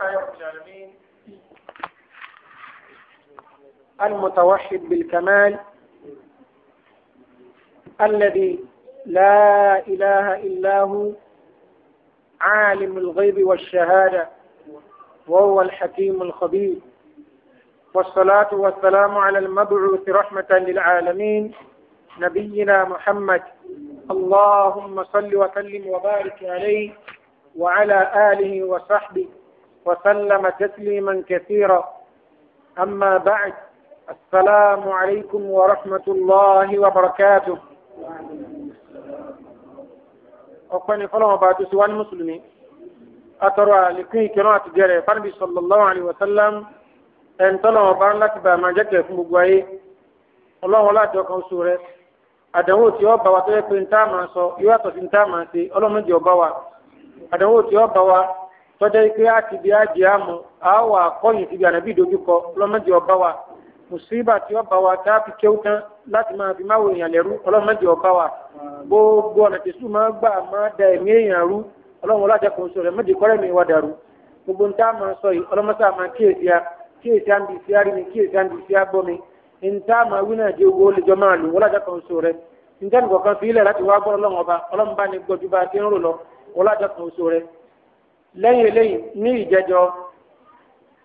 لله رب العالمين المتوحد بالكمال الذي لا إله إلا هو عالم الغيب والشهادة وهو الحكيم الخبير والصلاة والسلام على المبعوث رحمة للعالمين نبينا محمد اللهم صل وسلم وبارك عليه وعلى آله وصحبه وسلم تسليما كثيرا أما بعد السلام عليكم ورحمة الله وبركاته أقبل فلما بعد سوى المسلمين أترى لكي كنوات جري فنبي صلى الله عليه وسلم أن تلو بان لك بما جكي في مقوائي الله لا توقع سورة àdánwò tí ó bá wa tó yẹ pé ń tá máa sọ yóò tọ́jà yìí pé a ti di àjẹ́ àmú a wà kọ́yìn síbi ànábì dojúkọ ọlọ́mọdé ọba wa mùsíbà tí ọba wa tá a fi kéwú tán láti máa fi máwò èèyàn lẹ́rú ọlọ́mọdé ọba wa gbogbo ọ̀nà tẹ̀sù máa gbà máa da ẹ̀mí èèyàn rú ọlọ́run ọlọ́jà kan sọ rẹ̀ mọ́dé kọ́rẹ́ mi wá dàrú gbogbo ń tá a máa sọ yìí ọlọ́mọsá máa kíyèsí a kíyèsí à ń bi sí àrí mi kíyèsí à sí àgbọ́ mi ń tá a máa wí náà di owó lè máa lò ọlọ́jà kan sọ rẹ̀ ń tẹ́nu kọ̀ọ̀kan fi ilẹ̀ láti wá gbọ́ ọlọ́run ọba ọlọ́run bá ní gbọ́jú bá ti ń rò lọ ọlọ́jà kan sọ rẹ̀ lẹ́yìn eléyìí ní ìjẹjọ́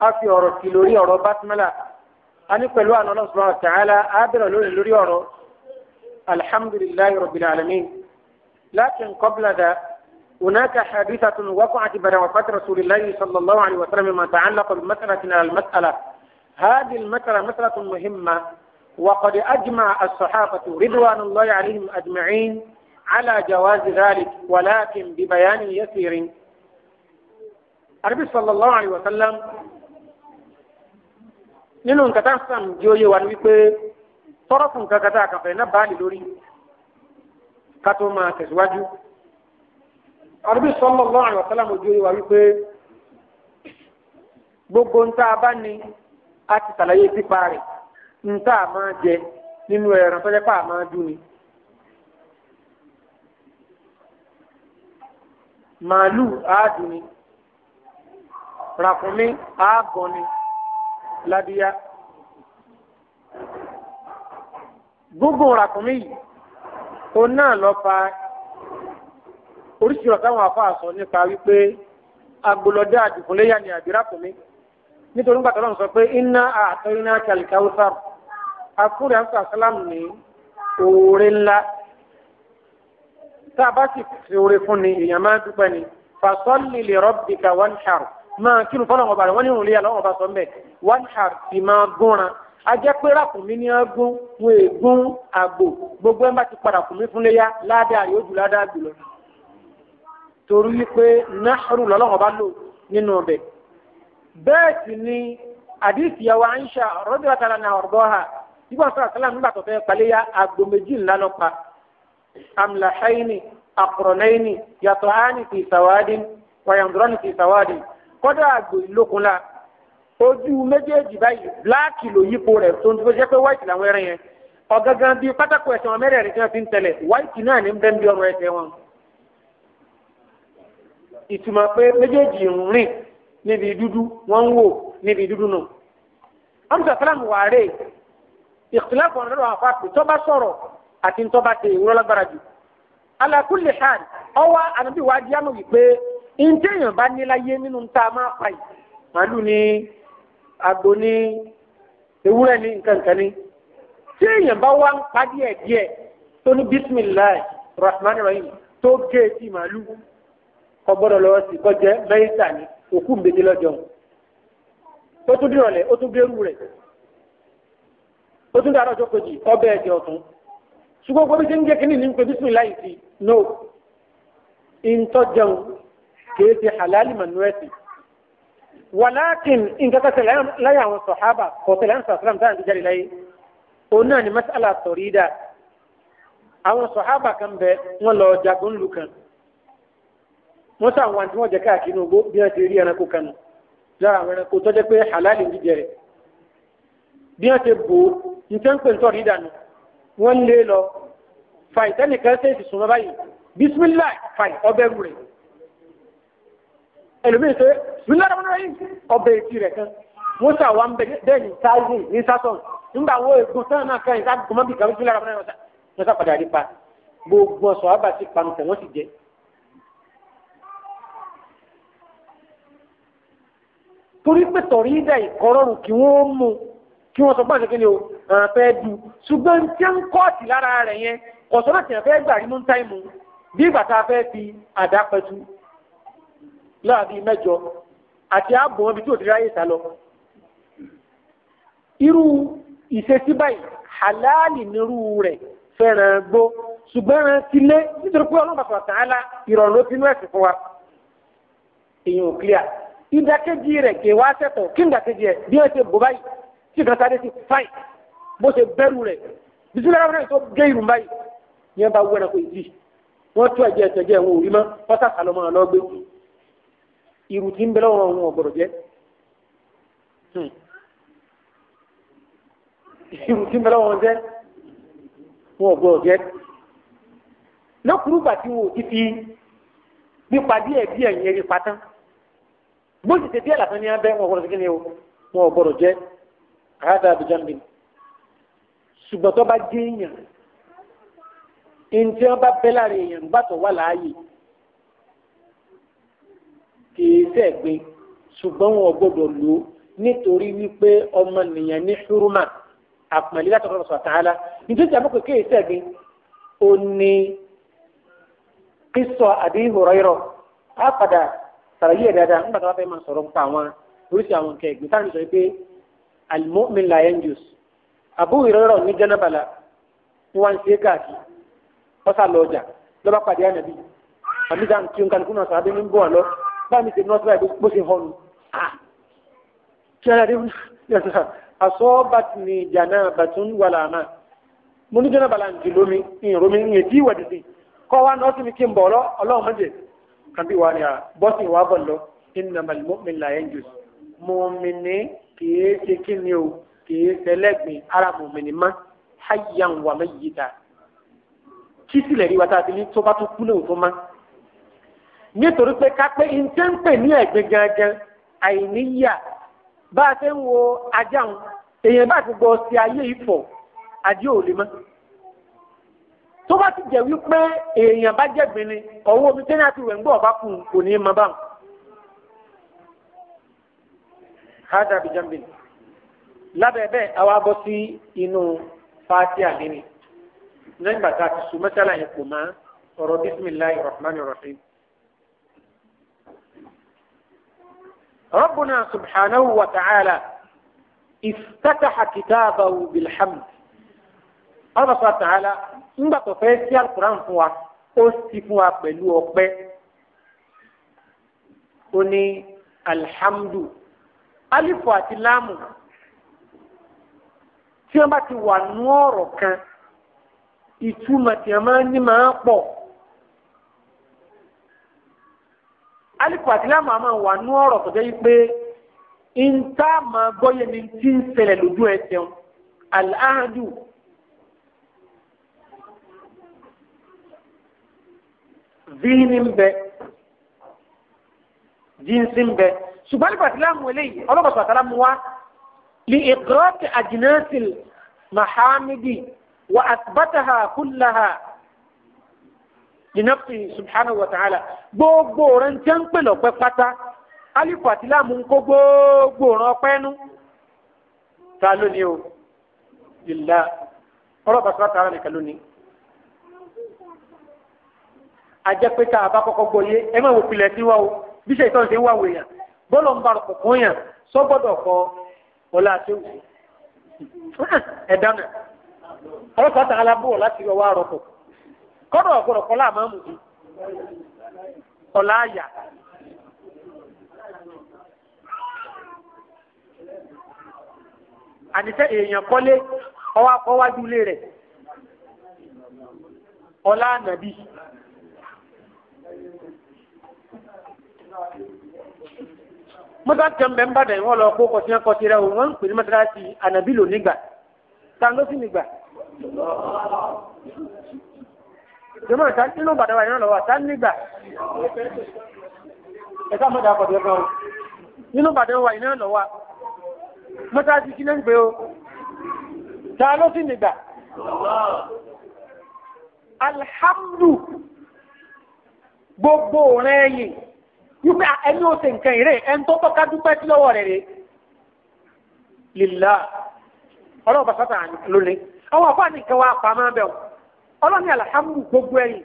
a fi ọ̀rọ̀ sí lórí ọ̀rọ̀ bátmẹ́là a ní pẹ̀lú àná náà subhanahu wa ta'ala a bẹ̀rẹ̀ lórí lórí ọ̀rọ̀ alhamdulillahi rabbil alamin lakin qabla da هناك حادثة وقعت بعد وفاة رسول الله صلى الله عليه وسلم ما تعلق بمسألة على المسألة هذه المسألة مسألة مهمة وقد أجمع الصحابة رضوان الله عليهم أجمعين على جواز ذلك ولكن ببيان يسير àdébí sallallahu alaihi wasallam nínú n'inu tá a sàm di oyè wa wípé tọrọ fún kata àkànfẹ náà báàlì lórí ká tó máa tẹ̀síwájú àdébí sallallahu wa wasallam di oyè wa wípé gbogbo nta ba a ní a ti sàlàyé pípa rẹ̀ ń tá a jẹ nínú ràkúnmí ààbọ̀ ni ládìyá gúngùn ràkúnmí yìí òun náà lọ fa oríṣiríṣi ọ̀táwọn afáà sọ nípa wípé agbolọ́dá àdìgúnléyà ni àbí ràkúnmí nítorí gbàtọ́ lọ́nà sọ pé iná àtọ́ iná kàlìkàwùsà akúrẹ́ àǹsà sálámù ní oore ńlá tá a bá sì fi oore fún ni èèyàn máa dúpẹ́ ni fàṣọ́lì lè rọ́bìkà wọ́n ṣàrò máa kírun fọlọ́n ọba rẹ̀ wọ́n ní ìrùn léyà lọ́wọ́ ọba sọ mbẹ́ wọ́n ṣà fi máa gúnra ajẹ́ pé ràkùnmí ní agún wọn ègún àgbò gbogbo ẹ̀ bá ti padà kùnmí fún léyà ládàá yóò jù ládàá jùlọ torí wípé náhùrù lọ́lọ́wọ́ bá lò nínú ọbẹ̀ bẹ́ẹ̀ sì ni àdìsí yàwó àńṣà rọ́bìrátàlá náà ọ̀rọ̀ ha nígbà sọ̀rọ̀ sálà nígbà tó fẹ́ paléyà àgbò méjì ńlá lọ pa amlahaini akọrọnẹyini kọ́dà àgbò ìlókun la ojú méjèèjì báyìí bíláàkì ló yípo rẹ̀ tó ń jẹ́ pé white làwọn ẹran yẹn ọ̀gángan bíi pátákó ẹ̀sẹ̀ wọn mẹ́rẹ̀ẹ̀rin tí wọ́n fi ń tẹ̀lẹ̀ white náà ní bẹ́ẹ̀ bí ọrùn ẹsẹ̀ wọn. ìtumọ̀ pé méjèèjì ń rìn níbi dúdú wọ́n ń wò níbi dúdú nù. amúsà sálàmù wàárẹ̀ ìkìlẹ̀kọ̀ ọ̀rọ̀ àwọn afáàpì ala kulli hal ọwọ́ àdàbí wàá di ntẹ́yìn bá níláyé nínú tá a máa pa yìí màálù ní agbo ní ewúrẹ́ ní nkankan ní tí èèyàn bá wá ń pa díẹ̀ díẹ̀ tó ní bisimilahi rahman rahim tó gé etí màálù kò gbọ́dọ̀ lọ́wọ́ sí kọjá mẹ́yìíta ní òkú mbèjì lọ́jọ́ ó tún dìrọ̀lẹ́ ó tún gbérù rẹ̀ ó tún dàrọ̀ tó kojì ọbẹ̀ ẹ̀jẹ̀ ọ̀tún ṣùgbọ́n gbọ́dọ̀ ṣe ń jẹ́ kínní ní pé bisimilahi sí no ìntọ́jẹun kìí ṣe halali manu ẹ̀sìn walakin nǹkan kan tẹ̀lé láyé àwọn sọ̀hábà kò tẹ̀lé àwọn sàlám táwọn ìjáde láyé òun náà ni mas'ala sọ̀rídà àwọn sọ̀hábà kan bẹ wọn lọ jagun lu kan wọn sọ àwọn àti wọn jẹ káàkiri ogbó bí wọn ti rí ẹranko kan lára àwọn ẹranko tó jẹ pé halali ń jíjẹ bí wọn ti bò ó nǹkan ń pè ń sọ̀rídà nù wọn lé lọ fàìtẹ́nìkan ṣèṣì sùn lọ báyìí bisimilayi fàì ọbẹ̀ rú ẹlòmíì ṣe wíńdọ́dọ̀ wọn rẹ̀ ọbẹ̀ etí rẹ̀ kan wọ́n sà wà ń bẹ bẹ́ẹ̀ ní sáyé ní sásọ̀n nígbà wo ègbò sáà náà kẹ́yìn sáà gbọmọ́ bí kàwé wíńdọ́dọ̀ wọn rẹ̀ wọ́n sà padà rí pa gbogbo ọ̀sọ̀ àbá sí panupẹ̀ wọ́n sì jẹ́. torí pé tọ̀rí ìdá ìkọ́rọ̀rùn kí wọ́n mú kí wọ́n sọ pé àṣẹ kíni o àwọn fẹ́ du ṣùgbọ́n tí a ń kọ́ọ̀tì lára rẹ̀ yẹn kọ̀sọ́nà tí a fẹ́ gbà rí láàbí mẹ́jọ àti ààbò wọn bí tí ò ti ráyè sálọ. irú ìṣesí báyìí halali nírú rẹ̀ fẹ́ràn gbó ṣùgbọ́n ẹran ti lé nítorí pé ọlọ́mọ sọ̀tà ńlá ìrọ̀rùn ló fi inú ẹ̀sìn fún wa. èèyàn ò clear ìdákejì rẹ̀ kè wá sẹ́tọ̀ kí ìdákejì rẹ̀ bí wọ́n ṣe bò báyìí tí kan sáré sí fáì bó ṣe bẹ́rù rẹ̀ bisimilá rẹ̀ tó gé irun báyìí ní wọn ò rí mọ́ pátá sàlọ́mọ́ ọlọ́gbẹ́ irú tí ń bẹ lọ́wọ́ wọn ọ̀gbọ̀rọ̀ jẹ́ hmm. irú tí ń bẹ lọ́wọ́ wọn jẹ́ wọn ọ̀gbọ̀rọ̀ jẹ́ lọ́kùnrùgbà tí wọn ò ti fi nípa díẹ̀ díẹ̀ yẹn rí patán bó sì ti díẹ̀ làtọ́ ní abẹ́ wọn ọ̀gbọ̀rọ̀ sí kíni o wọn ọ̀gbọ̀rọ̀ jẹ́ àádọ́ àbújá mi ṣùgbọ́n tó bá jẹ́ èèyàn ntí wọn bá bẹ́ láàrin èèyàn gbàtọ̀ wà láàyè kìí ṣẹ̀gbin ṣùgbọ́n wọn gbọ́dọ̀ lò ó nítorí wípé ọmọnìyàn ní ṣúrúmà àpọ̀nlé láti ọ̀rọ̀ sọ̀tà ala nítorí tí a bá pè kìí ṣẹ̀gbin ó ní kíso àbí ìhòòrọ̀ á padà sàràyé dáadáa nígbà tí wọ́n fẹ́ máa sọ̀rọ̀ nípa àwọn oríṣi àwọn nǹkan ẹ̀gbin táwọn sọ pé almu'min la yanjus àbú ìrọ̀rọ̀ ní jẹ́nàbàlà wọ́n ṣe káàkiri wọ́n sá lọ ọjà lọ́ba pàdé ànàbí àbí dáhùn tí nǹkan kúnnà sàbẹ̀ ní bọ̀ lọ́wọ́ sáàmì tèmi náà tó báyìí bó ah. kí ara dé ni jàná bàtún wà láàmà mo ní jẹ́nà balanti lómi ìrọ̀mi ń yẹtí ìwà dìde kọ́ wa náà tún mi kí n bọ̀ ọlọ́run mọ́jẹ̀ kan bí wà ní a bọ́sì wà bọ̀ lọ innamal mu'min la yanjus mùmìnì kìí ṣe ara mùmìnì má hayyan wa mayyita kí sílẹ̀ rí wa tá ní tó bá tó kú lóòótọ́ máa nítorí pé kápẹ́ ìtẹ́ ń pè ní ẹ̀gbin gangan àìníyà bá a ṣe ń wo ajá ń èèyàn bá ti gbọ́ sí ayé ìfọ̀ ajé ò lè mọ́. tó bá ti jẹ́ wípé èèyàn bá jẹ̀gbin ni ọwọ́ omi tẹ́lẹ̀ àti ìwẹ̀ ń gbọ́ ọ̀bá kù kò ní í mọ báwọn. hada bijambi lábẹ́ bẹ́ẹ̀ àwa bọ́ sí inú fáátì àlẹ́ ni lẹ́yìn bàtà àti sùn mọ́sálà yẹn kò má ọ̀rọ̀ bisimilahi ربنا سبحانه وتعالى افتتح كتابه بالحمد الله سبحانه وتعالى nígbà tó fẹ́ sí alukuran fún wa ó sì fún wa pẹ̀lú ọpẹ́ ó ní alhamdu alifu àti láàmù tí wọ́n bá ti wà nú ọ̀rọ̀ kan ìtumọ̀ tí wọ́n máa ń ní máa ń pọ̀. alifu àti láàmú àmọ́ wà nú ọ̀rọ̀ tó jẹ́ pé ìta máa gbọ́yé ni ti ń ṣẹlẹ̀ lójú ẹsẹ̀ aláàdù zihini ń bẹ jíǹsì ń bẹ ṣùgbọ́n alifu àti láàmú eléyìí mu wá li ìkọ́ọ̀tì àjìnásìl mahamidi wa asbataha kullaha linafi subhanahu wa ta'ala gbogbo ran jẹ́ ń pè lọ́pẹ́ pátá alifu àti láàmú ń kó gbogbo ran ọpẹ́ nú ta lónìí o ìlà ọlọ́ba sọ́ra tààrà nìkan lónìí. ajẹ́ pé tá a bá kọ́kọ́ gbọ́yé ẹ máa wò pilẹ̀ sí wa o bí ṣe ìtọ́jú ń wà wò yàn bọ́ọ̀lù ń barò kọ̀ọ̀kan yàn sọ́gbọ́dọ̀ kọ ọlá àti òsì ẹ̀dá náà tààrà bọ̀ láti ọwọ́ àrọ̀kọ̀ọ̀ kọ́dọ̀ ọ̀gbọ̀dọ̀ kọ́lá máa mú bi kọ́lá àyà. àníṣe èèyàn kọ́lé ọwọ́ akọ́wájú ilé rẹ̀ ọlá ànàbí. mọ́tà tẹ̀ ń bẹ́ ń bá dẹ̀ wọ́n lọ kó kọ̀sí ẹ̀ kọ̀sí rẹ̀ wọ́n ń pè ní mọ́tà láti ànàbí lò nígbà tá ló sì nígbà jọmọ ìta nínú ìbàdàn wa ìran lọ́wọ́ ta nígbà ẹ̀ka mọ́ta akọ̀dọ̀ ẹ̀ka wọn nínú ìbàdàn wa ìran lọ́wọ́ mọ́ta ti kí náà ń gbé o ta ló sì nígbà alhamdu gbogbo rẹ̀ yìí wípé ẹni ó ṣe nǹkan ìrẹ́ ẹni tó bọ́ ká dúpẹ́ sí lọ́wọ́ rẹ̀ rẹ̀ lìlá ọlọ́ọ̀bà sátà ọlọ́ni alhamdu gbogbo ẹ̀yìn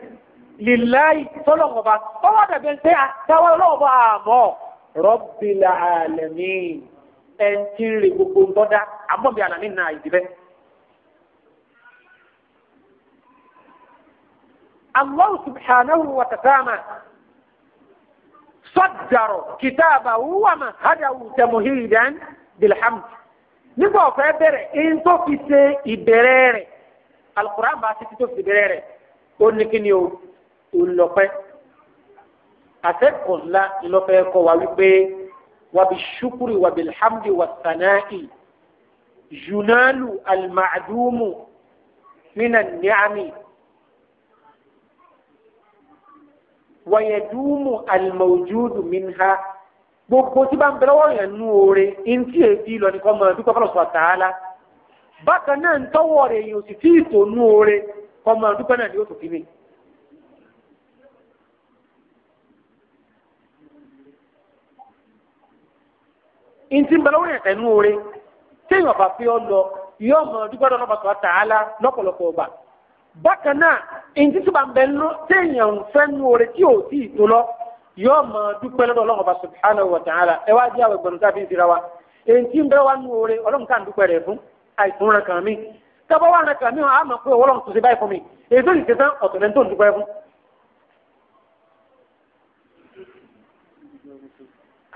lìláì tọ́lọ́mọba tọ́wọ́ dàbẹ̀ pé àtàwọn ọlọ́mọba àmọ́ rabbil alamin ẹ̀ ń tí ń re gbogbo ń bọ́dá àmọ́bí àlàmì náà ìdíbẹ́. Allah subhanahu wa ta'ala sọ́dàrọ̀ kìtàbà wúwàmà hádàwù tẹ̀mùhìrì bilhamd nígbà ọ̀fẹ́ bẹ̀rẹ̀ èyí tó fi ṣe ìbẹ̀rẹ̀ rẹ̀ alukur'an bá títí tó fi bẹ̀rẹ̀ rẹ̀ ó ní kí ni o ò lọ́pẹ́ àtẹ́kùn ńlá ńlọ́pẹ́ kọ́ wa wípé wàbí ṣukuri wàbí alhamdi wà sànáì yunalu almaadumu minan ni'ami wàyẹ̀dúmù almawjudu minha gbogbo tí bá ń bẹ̀rẹ̀ wọ̀nyẹn nú oore ntí èdè lọ ní kọ́ mọ́ ẹ̀ dúpẹ́ kọ́ lọ́sọ̀ọ́ tààlà bákan náà ń tọ́wọ́ rẹ̀ èèyàn sì tí ìtònú oore ọmọ àdúgbò náà ni ó tó kí mi. ntí ń bẹ lọ́wọ́ yẹn tẹ̀nu oore téèyàn bá fi ọ lọ yóò mọ dúpẹ́ lọ́nà bàtà tààlà lọ́pọ̀lọpọ̀ ọba bákan náà ntí tó bá ń bẹ lọ téèyàn ń fẹ́ nu oore tí ò tí ì lọ yóò mọ dúpẹ́ lọ́dọ̀ ọlọ́run ọba subhanahu wa ta'ala ẹ wá jẹ́ àwọn ìgbọ̀nù fi ń sira wa ntí ń bẹ wá nu oore ọlọ́run ká ń dúpẹ́ rẹ̀ fún àìsàn ràn kàn mí tọ́bọ̀ wà ràn kàn mí wọn á mọ̀ pé ọwọ́lọ́run tó ṣe báyìí fún mi èyí tó sì ṣe tán ọ̀tọ̀ lẹ́nu tó ń dúpẹ́ fún.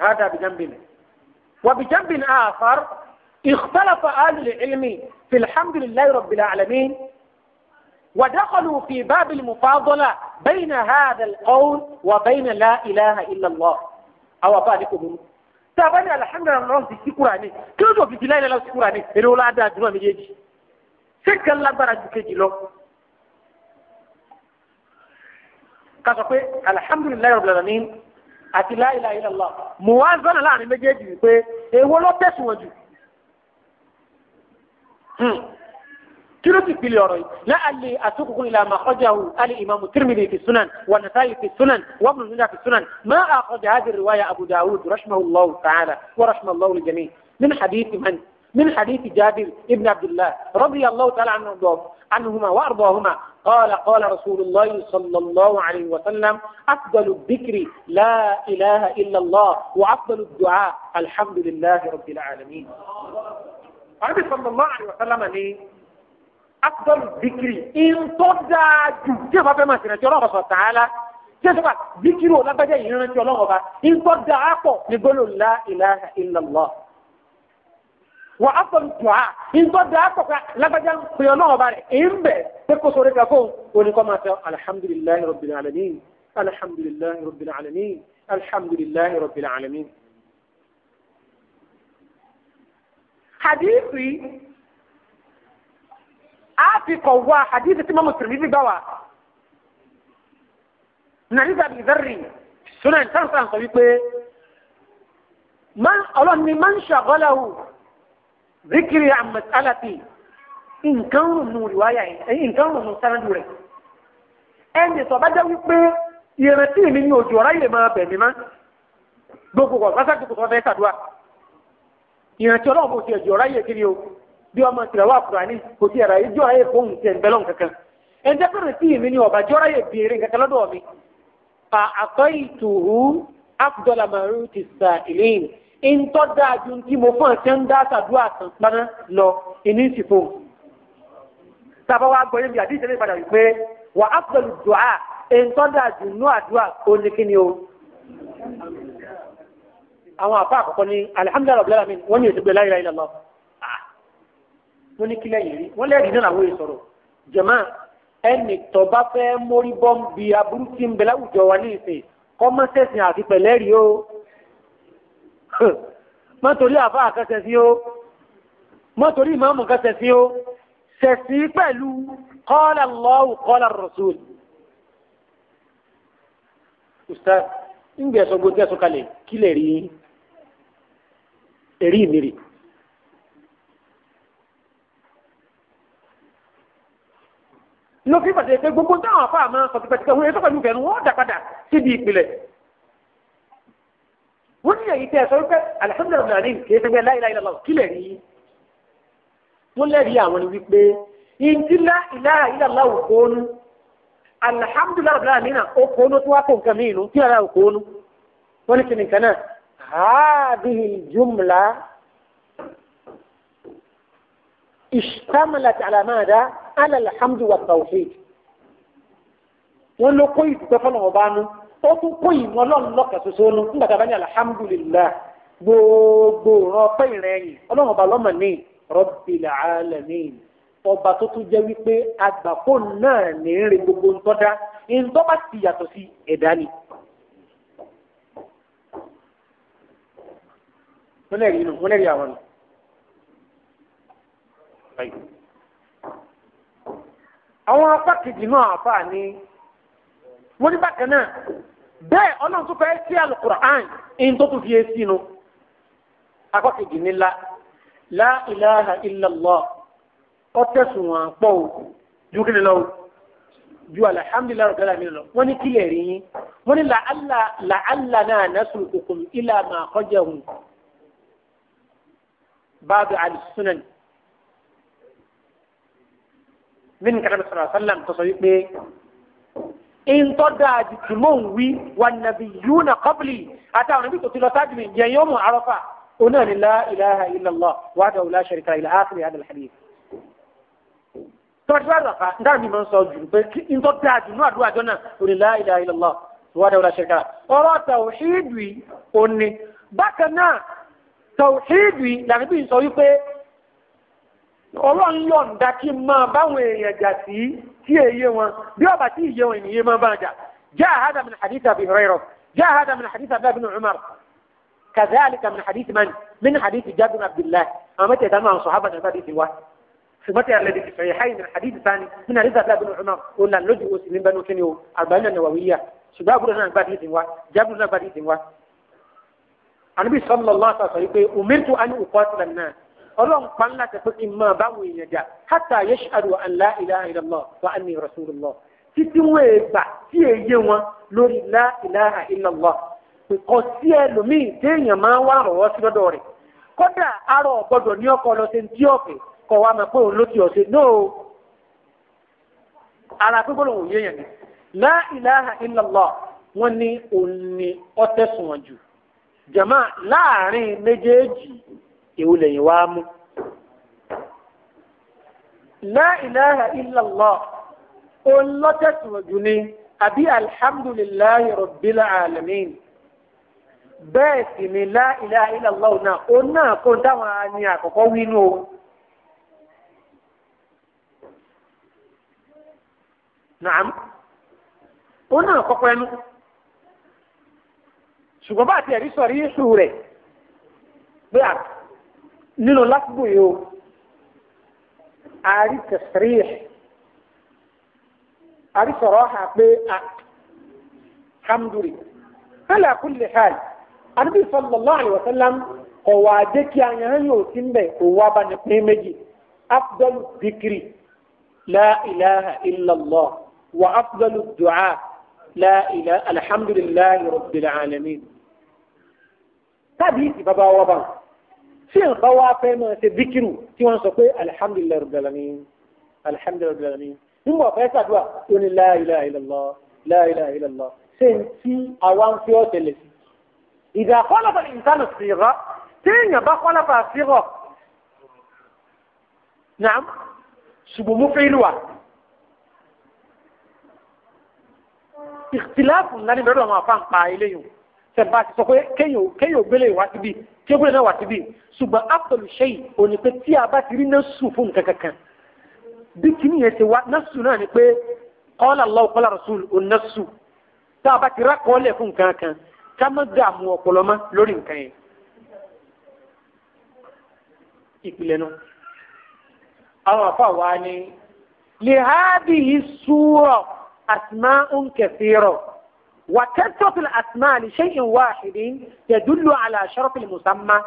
هذا بجنب وبجنب آخر اختلف أهل العلم في الحمد لله رب العالمين ودخلوا في باب المفاضلة بين هذا القول وبين لا إله إلا الله أو بعد قبول tàbá ní alihamdulilayi lọ́wọ́ ti síkúra ni kí ló tó fi jìlá yẹn lọ́wọ́ síkúra ni èrè wọlé adá jùlọ méjèèjì ṣé kan lágbára ju kejì lọ. ká sọ pé alihamdulilayi rabbil alamin àti la ilaha illallah muwazana láàrin méjèèjì wípé èwo ló tẹ̀sùn wọn jù. Hmm. جلوس بليوري لا اللي أسوقه إلى ما خرجه الإمام الترمذي في السنن والنسائي في السنن وابن المنذر في السنن ما أخرج هذه الرواية أبو داود رحمه الله تعالى ورحمه الله الجميع من حديث من؟ من حديث جابر بن عبد الله رضي الله تعالى عنه عنهما وأرضاهما قال قال رسول الله صلى الله عليه وسلم أفضل الذكر لا إله إلا الله وأفضل الدعاء الحمد لله رب العالمين عبد صلى الله عليه وسلم ليه؟ akutọlu zikiri ntọdaaju tí o bá fẹ́ ma sinẹ tí ọlọ́wọ́ sọ tàn á la tí o sọ pa zikiri o lágbájá yìí rántí ọlọ́wọ́ ba ntọdaa pọ̀ ní gbolo la ilaha illallah wa akutọlu tua ntọdaa pọ̀ ká lágbájá pè ọlọ́wọ́ ba rẹ̀ nbẹ pé kó sori ka fún oní kọ́ ma fẹ́ alhamdulilayi rabbil alamin alhamdulilayi rabbil alamin alhamdulilayi rabbil alamin. hadithi àti kọ̀ wá àdìsí tí mọ́mú tìrìmìtì gbà wá. nàìjíríà bíi zẹ́rì sọ́nà ìtànsán sọ wípé ọlọ́run ni máa ń ṣàgọ́láwù zikiri àmàtálàtì nǹkan rùnú ìwáyà yìí nǹkan rùnú sáradù rẹ̀. ẹnì sọ bá jẹ́ wípé ìrántí mi ní ojú ọ̀rá yìí máa bẹ̀ mí má gbogbo ọ̀gbọ́n sàdúkù sọ fẹ́ sàdúrà ìrántí ọlọ́run kò tiẹ̀ jù ọ̀rá yìí kiri o bí ọmọ tìrẹwà kùránì kò sí ẹ̀rọ ìjọ ayé fóun tẹ̀ ń bẹ́lọ̀ kankan ẹ̀ńtẹ́ fẹ́rẹ̀ sí mi ni ọ̀bà jọ́ra yẹ béèrè nǹkan lọ́dọ̀ mi. fa àtọ́yìntùhù afdọ́là màrú ti sa ìlẹ́yìn ìńtọ́ dáa ju tí mo fọ́n ṣe ń dá sàdúrà kan paná lọ ìní ìsìnkú. sábà wàá gbọ́ yẹ́mi àdéhùn ìṣẹ̀lẹ̀ padà wípé wà afdọ́lù dùá ìńtọ́ dáa ju nú àdúrà oníkíni o. àwọn àfa àkọ́kọ́ ní alihamudulilayi wọ́n ní ètò wọ́n ní kílẹ̀ yìí rí wọ́n lẹ́rìí náà làwọn yìí sọ̀rọ̀ jẹ̀má ẹnì tọ́ba fẹ́ mórí bọ́m bíi aburú tí ń bẹ láwùjọ wa ní ìsìn kọ́mọ́sẹ̀sìn àti pẹ̀lẹ́rìí o mọ́tòrí àfa àkẹsẹ̀ sí o mọ́tòrí ìmáàmù kẹsẹ̀ sí o sẹ̀sí pẹ̀lú qala Allahu qala ar-rasul. ustaz ń gbẹ̀sọ̀gbọ̀n tẹ̀sọ̀kalẹ̀ kílẹ̀ rí ẹ̀rí ìmìrì. ló fi pàṣẹ pé gbogbo táwọn afá máa ń sọ tipẹ́tipẹ́ wọn èso pẹ̀lú ìfẹ́nu wọ́n dà padà síbi ìpìlẹ̀. wọ́n ní èyí tẹ́ ẹ sọ wípé alihamudulilayi ní kì í sẹ́gbẹ́ láìláìlá kílẹ̀ rí wọ́n lẹ́rìí àwọn ni wípé ìdílá ìlàrá ìlàlá òkóónú alihamudulilayi nínà òkóónú tó wá tó nǹkan mí kí ara òkóónú wọ́n ní kìnnìkan náà hàbíhì jùmùlá. اشتملت على ماذا؟ على الحمد والتوحيد ولو ló kó ìdúpẹ́ fọlọ́wọ́ bá nu ó tún kó الحمد لله lọ́kàn ṣoṣo nu nígbà tá a bá ní alhamdulillah gbogbo ọpẹ́ ìrẹ̀yìn ọlọ́run ọba lọ́mọ ní rabbil alamin ọba tó tún jẹ́ wípé àgbàpò náà ní ń re gbogbo ń tọ́da ń tọ́ba ti yàtọ̀ sí ẹ̀dá ni. wọ́n lè rí àwọn nù àwọn apá kejì náà àfa ni wọ́n ní bákan náà bẹ́ẹ̀ ọlọ́run tó fẹ́ sí alukur'an in tó tún fi èsì nu apá kejì ní la la ilaha illallah ọtẹ̀sùn wọn pọ̀ o ju kí ni lọ́wọ́ ju alihamdulilayi rabbil alamin lọ wọ́n ní kílẹ̀ rí yín wọ́n ní làálà làálà náà nasùn òkùnkùn ilà máa báàbí alìsúnani lẹ́nu kẹlẹ́bí sọ̀rọ̀ sálàm tó sọ wípé ìntọ́dà àdìtìmọ̀ ń wí wà nàbí yìí nà kọ́bìlì àtàwọn nàbí tó ti lọ sáájú mi jẹ́ yóò mú àrọ́fà oní àní la ilaha illallah wà á dà wùlá ṣẹ̀ríkà ilà áfírí àdà lẹ́yìn. tọ́jú bá ràfà ndáà mi máa ń sọ jù pé ìntọ́dà àdìmú àdúrà jọ náà oní la ilaha illallah wà á dà wùlá ṣẹ̀ríkà ọ̀rọ̀ tàwùhídùí òní bákan náà tàwùhídùí làbíbí sọ wípé ọlọ́run yọ̀ǹda kí n máa báwọn èèyàn jà sí tí èyí wọn bí ọba tí ìyẹ wọn ènìyàn máa bá jà jaa hada min hadith abi hurairah jaa hada min hadith abdullah bin umar kazalika min hadith man min hadith jabir abdullah àwọn mẹ́ta ìdáná àwọn sọ̀hábà náà sábà ti wá ṣùgbọ́n tí a lè di fẹ̀yẹ̀ hayi min hadith sani min hadith abdullah bin umar o là lójú o sì ní bẹnu kíni o àgbáyé náà wàwíyà ṣùgbọ́n àbúrò náà gbàdí ọlọ́run pa ńlá tẹ̀ pé kí báwọn èèyàn jà hátà la ilaha illallah wa anni rasulullah títí wọn è gbà tí è yé wọn lórí ilaha kò sí ẹlòmíì téèyàn máa wá sí kódà arọ ní ọkọ lọ sí ti máa pé òun ló ara pé ilaha wọn ní òun ni wọn jù èwo lẹ́yìn wá mú. la ilaha illallah olọ́tẹ̀sùn jù ni àbí alhamdulillahi rabbil alamin bẹ́ẹ̀ sì ni la ilaha illallah náà ó náà kó dáwọn ni àkọ́kọ́ wínú o. Naam. Ó náà kọ́kọ́ ẹnu. Ṣùgbọ́n bá àti ẹ̀rí sọ̀rí ìṣù rẹ̀ pé àti nínú lásìkò yìí o àárí tẹ̀sírí ẹ̀ àárí sọ̀rọ̀ ọ̀hà pé ah, hamduri ala kulli hal àdúgbò sallallahu alaihi wasallam ọ̀wà àdékì àyàn yóò ti ń bẹ̀ òwò abánipín méjì afdal dhikri la ilaha illallah wa afdal du'a la ilaha alhamdulillahi tábìlì ti bàbá wa báwọn tí à ń bá wá fẹ́ máa ṣe díkìrù tí wọ́n sọ pé alihamdulilayi rabbil alamin alihamdulilayi rabbil alamin nígbà fẹ́ sàdúrà ó ní la ilaha illallah la ilaha illallah ṣé n tí àwa ń fi ọ́ tẹ̀lé sí. ìdá kọ́lọ́fà ìtànà síra téèyàn bá kọ́lọ́fà síra nàám ṣùgbọ́n mo fẹ́ ìlú wa. ìtìláàfù ńlá ni bẹ́ẹ̀ lọ́wọ́ àwọn afáǹpa eléyìí sẹba ti sọ pé kéèyàn gbélé wá síbi kéèyàn gbélé náà wá síbi ṣùgbọ́n apẹ̀lú ṣẹ́yìn ò ní pé tí a bá ti rí nẹ́sù fún nǹkan kankan bí kìíní yẹn ṣe wá nẹ́sù náà ni pé qala Allahu qala Rasul ò nẹ́sù tá a bá ti rá kọ́ọ́lẹ̀ fún nǹkan kan ká má dààmú ọpọlọ mọ́ lórí nǹkan yẹn. ìpìlẹ̀ nu àwọn àfa wa ni lihadihi sura asma'un kathira. وكثرة الأسماء لشيء واحد يدل على شرف المسمى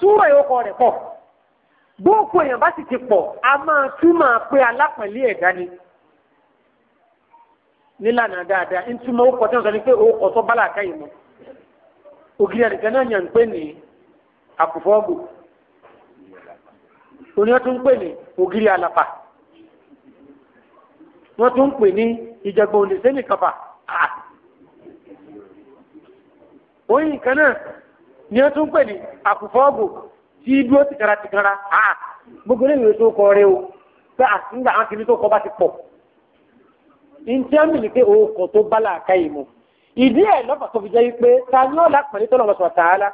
súrà yóò kọ rẹ̀ pọ̀ gbóòkù èèyàn bá sì ti pọ̀ a máa túmọ̀ pé alápẹ̀lẹ́ ẹ̀dá ni nílànà dáadáa ntúmọ̀ ó kọ tí wọ́n sọ ni pé òun kọ tó bá làákà yìí mọ́ ògiri àdìgbẹ́ náà yàn ń pè ní àkùfọ́ọ̀gù oníyàn tún ń pè ní ògiri àlàpà wọ́n tún ń pè ní ìjàgbọ̀n lè sẹ́nì kàfà ah. oyin kan náà ni ó tún pè ní àkùfọ́ọ̀bù tí dúró tìkara tìkara ah. gbogbo ní ìwé tó kọ rẹ o pé àtúndà ah, àwọn kìíní tó kọ bá ti pọ̀ ntí á mìíràn pé oòkàn tó bá làákà yìí mu ìdí ẹ̀ lọ́fà tó fi jẹ́ wípé ta ni ó lápẹ̀lẹ́ tó lọ́wọ́ sọ̀tà á la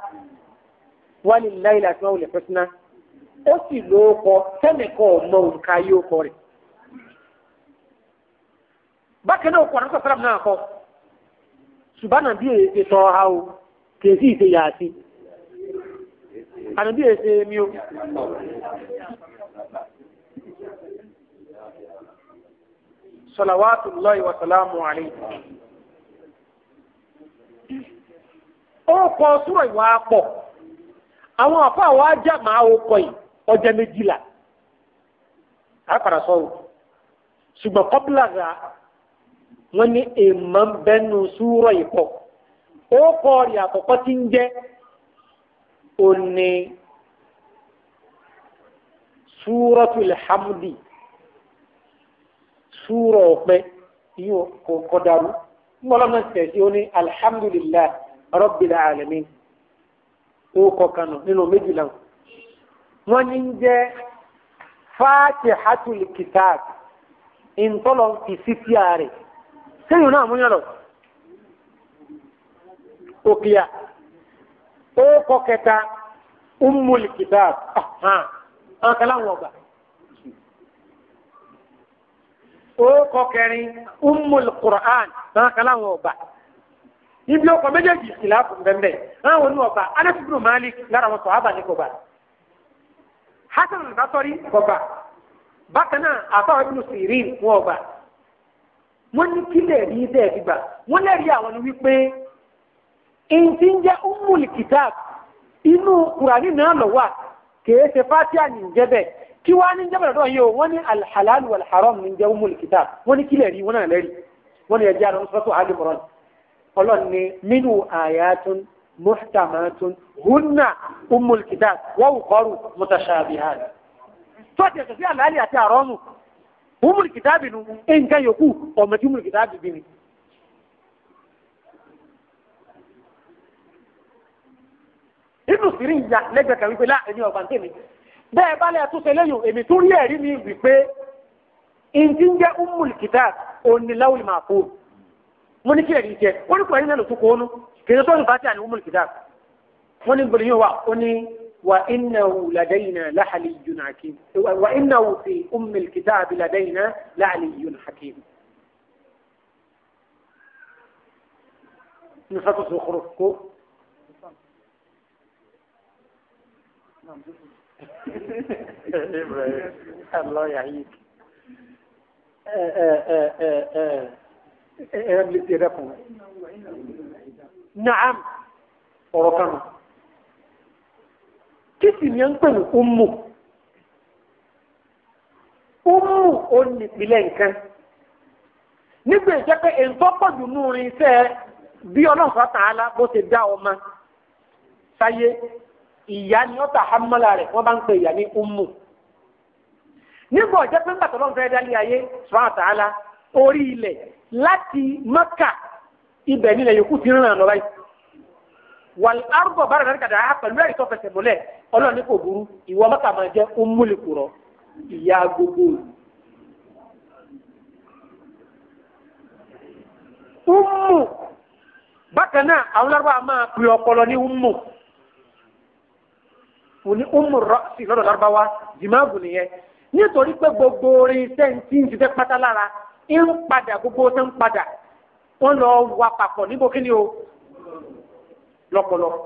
láìláì tí wọ́n wulẹ̀ fẹ́ sinna ó sì lóókọ sẹ́nìkan ọ̀mọ òǹkà yóò kọ rẹ̀. bákan náà kọ̀ nípa sàrám náà kọ ṣùgbọ́n nàbí ha o kì í sì ṣe yà á sí ànàbí èsè mi o. Salawatullahi wa salamu alayhi ó kọ súrọ̀ ìwà pọ̀ àwọn àfa àwọn ajá máa ó kọ yìí ọjà méjìlá àpàrà sọ̀rọ̀ ṣùgbọ́n kọ́pìlà rà wọ́n ní èèmọ̀ ń bẹ́nu súrọ̀ ìpọ̀ ó kọ́ ọ̀rẹ́ àkọ́kọ́ tí ń jẹ́ òní súrọ̀tù lẹ́hàmùdì súrọ̀ ọ̀pẹ yóò kọ́ dàrú ńgbọ́lọ́ náà tẹ̀sí ó ní alhamdulillah rabbil alamin ó kọ́ kanu nínú méjìlá wọ́n ní ń jẹ́ fatihatul kitab ìntọ́lọ́ fi sí tíya rẹ̀ sẹ́yìn náà múyàn lọ òkìyà ó kọ kẹta ummul kitab àwọn kan láwọn ọgbà ó kọ kẹrin ummul Qur'an àwọn kan láwọn ọgbà ibi ọkọ méjèèjì ìsìláàfù bẹ́ẹ̀ àwọn onú ọba Anas ibn Malik lára wọn sọ abàní kò bá Hasan al-Basri kò bá bákan náà àtàwọn ibùdó Sirin wọn ọba wọ́n ní kí lè rí dẹ́ẹ̀ gbígbà wọ́n lè rí àwọn ni wípé ìǹtí ń jẹ́ umul kitab inú kùránì náà lọ wà kìí ṣe fatia ní jẹ́bẹ̀ kí wá ní jẹ́bẹ̀ lọ́dọ̀ yìí o wọ́n ní alhalal wal haram ní jẹ́ umul kitab wọ́n ní kí lè wọ́n náà wọ́n ní ẹjẹ́ àrùn alimọ̀rán ọlọ́run ní minhu ayatun muhkamatun hunna umul kitab wa ukharu mutashabihat tó ti ẹ̀sọ̀ sí àlàálì àti àrọ́nù umul kitabi nu nǹkan yòókù ọmọ tí umul kitabi bí ni. inú sírí ìyá lẹ́gbẹ̀ẹ́ kan wípé lá ẹni ọ̀gbà ń tèmi bẹ́ẹ̀ bá lẹ́yà tó ṣe lẹ́yìn èmi tó rí ẹ̀rí mi wípé ìdí ń jẹ́ umul kitab oníláwìlì máa kó mo ní kí ẹ̀rí jẹ wọ́n ní kò ẹ̀rí náà lò tó kó nú kì í sọ́ọ̀nù ti àní umul kitab wọ́n ní gbòdì yóò wà ó ní وإنه لدينا لحلي حكيم وإنه في أم الكتاب لدينا لعلي حكيم نسخة زخرفكم الله يعيك نعم ورقمه kí sì ni ó ń pè ní umu umu ó ní ìpìlẹ̀ nǹkan nígbà ìjẹ́ pé èntọ́ pọ̀ jù nù rin iṣẹ́ bí ọlọ́sọ̀ tààlà bó ṣe dá ọmọ sáyé ìyá ni ó hamala rẹ̀ wọ́n bá ń pè ìyá ní umu nígbà ìjẹ́ pé ńgbà tọ́lọ́ ń fẹ́ dálé ayé sùwọ́n àtàlà orí ilẹ̀ láti Mẹ́kà ibẹ̀ nílẹ̀ yòókù ti ń ràn lọ́wọ́ yìí wàlárùbọ̀ bára náà pẹ̀lú ẹ̀rí tó fẹsẹ̀ mọ́lẹ̀ ọlọ́ọ̀ni kò burú ìwọ mọ́kà máa jẹ́ ọmúlùkùrọ̀ ìyá gbogbo òlù. Ummu bákan náà àwọn lárúbá máa pè ọpọlọ ní ummu òní ummu rọ́ọ̀sì lọ́dọ̀ lárúbá wa jìmáàbù nìyẹn nítorí pé gbogbo orin iṣẹ́ ń tí ń pátá lára ń padà gbogbo ṣe ń padà wọ́n lọ wà papọ̀ níbo kí ni o lọ́pọ̀lọpọ̀.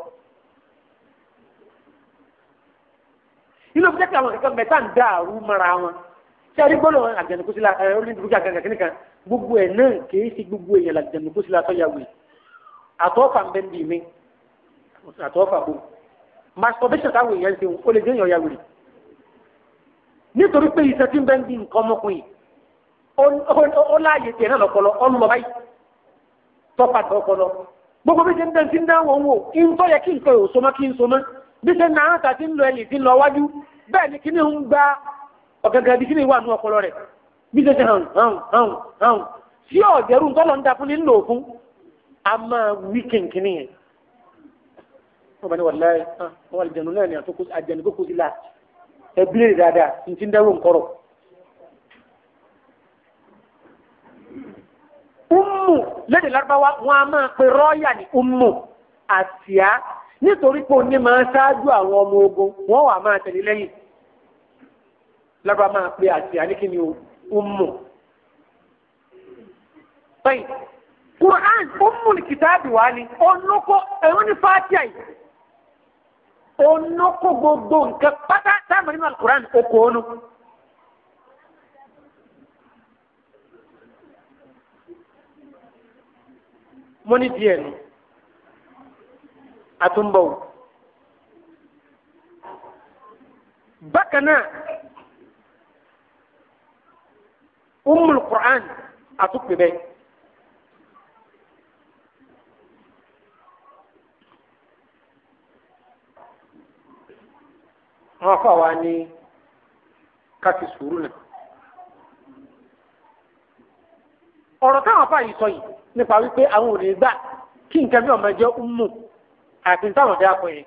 inú òfin jẹ́ pé àwọn nǹkan mẹ́ta ń dá àrú mọ́ra wọn ṣé ẹni gbọ́dọ̀ àjẹnukúsílá ẹ ó ní ìdúgbò àgàgà kíníkà gbogbo ẹ̀ náà kìí ṣe gbogbo èèyàn àjẹnukúsílá tọ́yàwó àtọ́fà ń bẹ́ ń bì mí àtọ́fà bò masturbation táwọn èèyàn ń ṣe ó lè jẹ́ èèyàn yàwó rẹ̀ nítorí pé iṣẹ́ tí ń bẹ́ ń bí nǹkan ọmọkùnrin ó láàyè tiẹ̀ náà lọ́pọlọ ọ́n lọ báyìí tọ́pàtà ọpọlọ gbogbo bí ṣe ń bẹ́ ń ti ń dáwọ̀ ń wò ń tọ́ yẹ kí nǹkan ò so mọ́ kí ń so bí sẹ́ náà ta ti ń lọ ẹ̀yìn ti ń lọ wájú bẹ́ẹ̀ ni kíní ń gba ọ̀gẹ̀gẹ̀ bí kíní wà ní ọpọlọ rẹ̀ bí sẹ́ hàn hàn hàn hàn sí ọ̀jẹ̀rú ńkọ́lọ̀ ń da fún ní ń lò fún a máa wí kínkínní yẹn. wọ́n bá ní wàlá ẹ̀ wọ́n àlìjẹ̀nu náà ni àjẹ̀nu kókó sí la ẹbí dáadáa ní ti ń dẹ́rù ńkọ́rọ̀. ummu lédè wọn a máa pe rọ́ọ̀yà ní ummu àsíá nítorí pé òní máa ṣáájú àwọn ọmọ ogun wọ́n wà máa tẹ̀lé lẹ́yìn lábá máa pe àti àníkíni ummu. bẹ́ẹ̀ Quran ummu ni kìtàbí wa ni onókó ẹ̀rọ ní fatia yìí onókó gbogbo nǹkan pátá táàmù nínú alukuran okò onu. mo ní díẹ̀ nù àtúnbọ̀ wò. bákan náà umul quran àtúpè bẹ́ẹ̀. wọn fà wá ní káfí sùúrù náà. ọ̀rọ̀ táwọn afáàyè sọ yìí nípa wípé àwọn ò lè gbà kí nǹkan bí ọmọ jẹ́ umu àti táwọn ọ̀dẹ́ àpọ̀ yẹn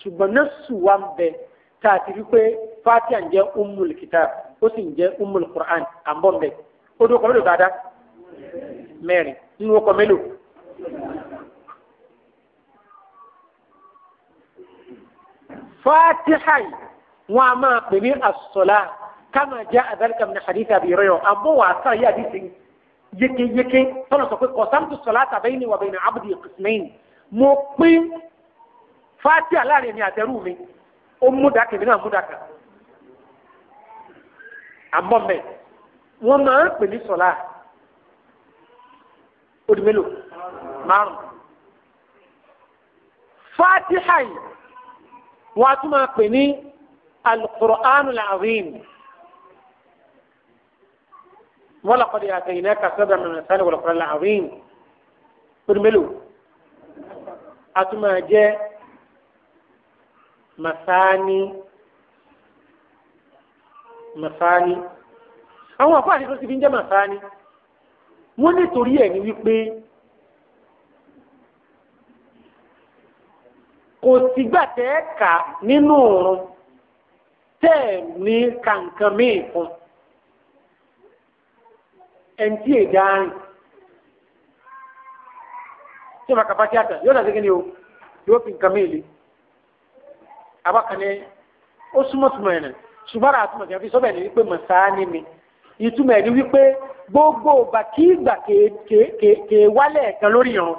ṣùgbọ́n náà sùn wá ń bẹ tá a ti rí pé fatiha ń jẹ́ umul kitab ó sì ń jẹ́ umul quran à ń bọ̀ ń bẹ ó dúró kọ́ mélòó dáadáa mẹ́rin nínú ọkọ̀ mélòó. fatiha yìí wọn a máa pè ní asọ́lá kama jẹ́ àdáríkà mi ní hadith àbí ìrọ̀yọ̀ àbọ̀ wà á sàn yí àdìsí yékéyéké tọ́lọ̀ sọ pé kọ̀sántù sọ̀lá tàbí ní wàbẹ̀ ní abdi qismayn mo pín fáti aláàrin mi àtẹrù mi ó múdà kèmí náà múdà kan àmọ́ mẹ́ wọ́n máa ń pè ní sọ̀lá odi mélòó márùn fatiha yìí wọ́n á tún máa pè ní alukur'anul azim wọ́n lọ́kọ̀ọ́ di àtẹ̀yìn náà kà sọ́dọ̀ àmì nàìjíríà wọ́n lọ́kọ̀ọ́ di atuma jẹ masani masani àwọn àpá àti sọsibí ń jẹ masani wọn nítorí ẹ ní wípé kò sígbà tẹ ẹ kà nínú òrùn tẹ ní kàǹkàn míì fún ẹn tí èdè àárín tí ma kàfá kíákà yóò dà sí kíni o yóò fi nǹkan méèlì abakanẹ ó súnmọ́ túmọ̀ ẹ̀ náà ṣùgbọ́n àtúmọ̀ tí a fi sọ́bẹ̀ ní wípé mọ̀sáání mi ìtumọ̀ ẹ̀ ní wípé gbogbo ìgbà kí ìgbà kèé wálẹ̀ ẹ̀kan lórí ìrun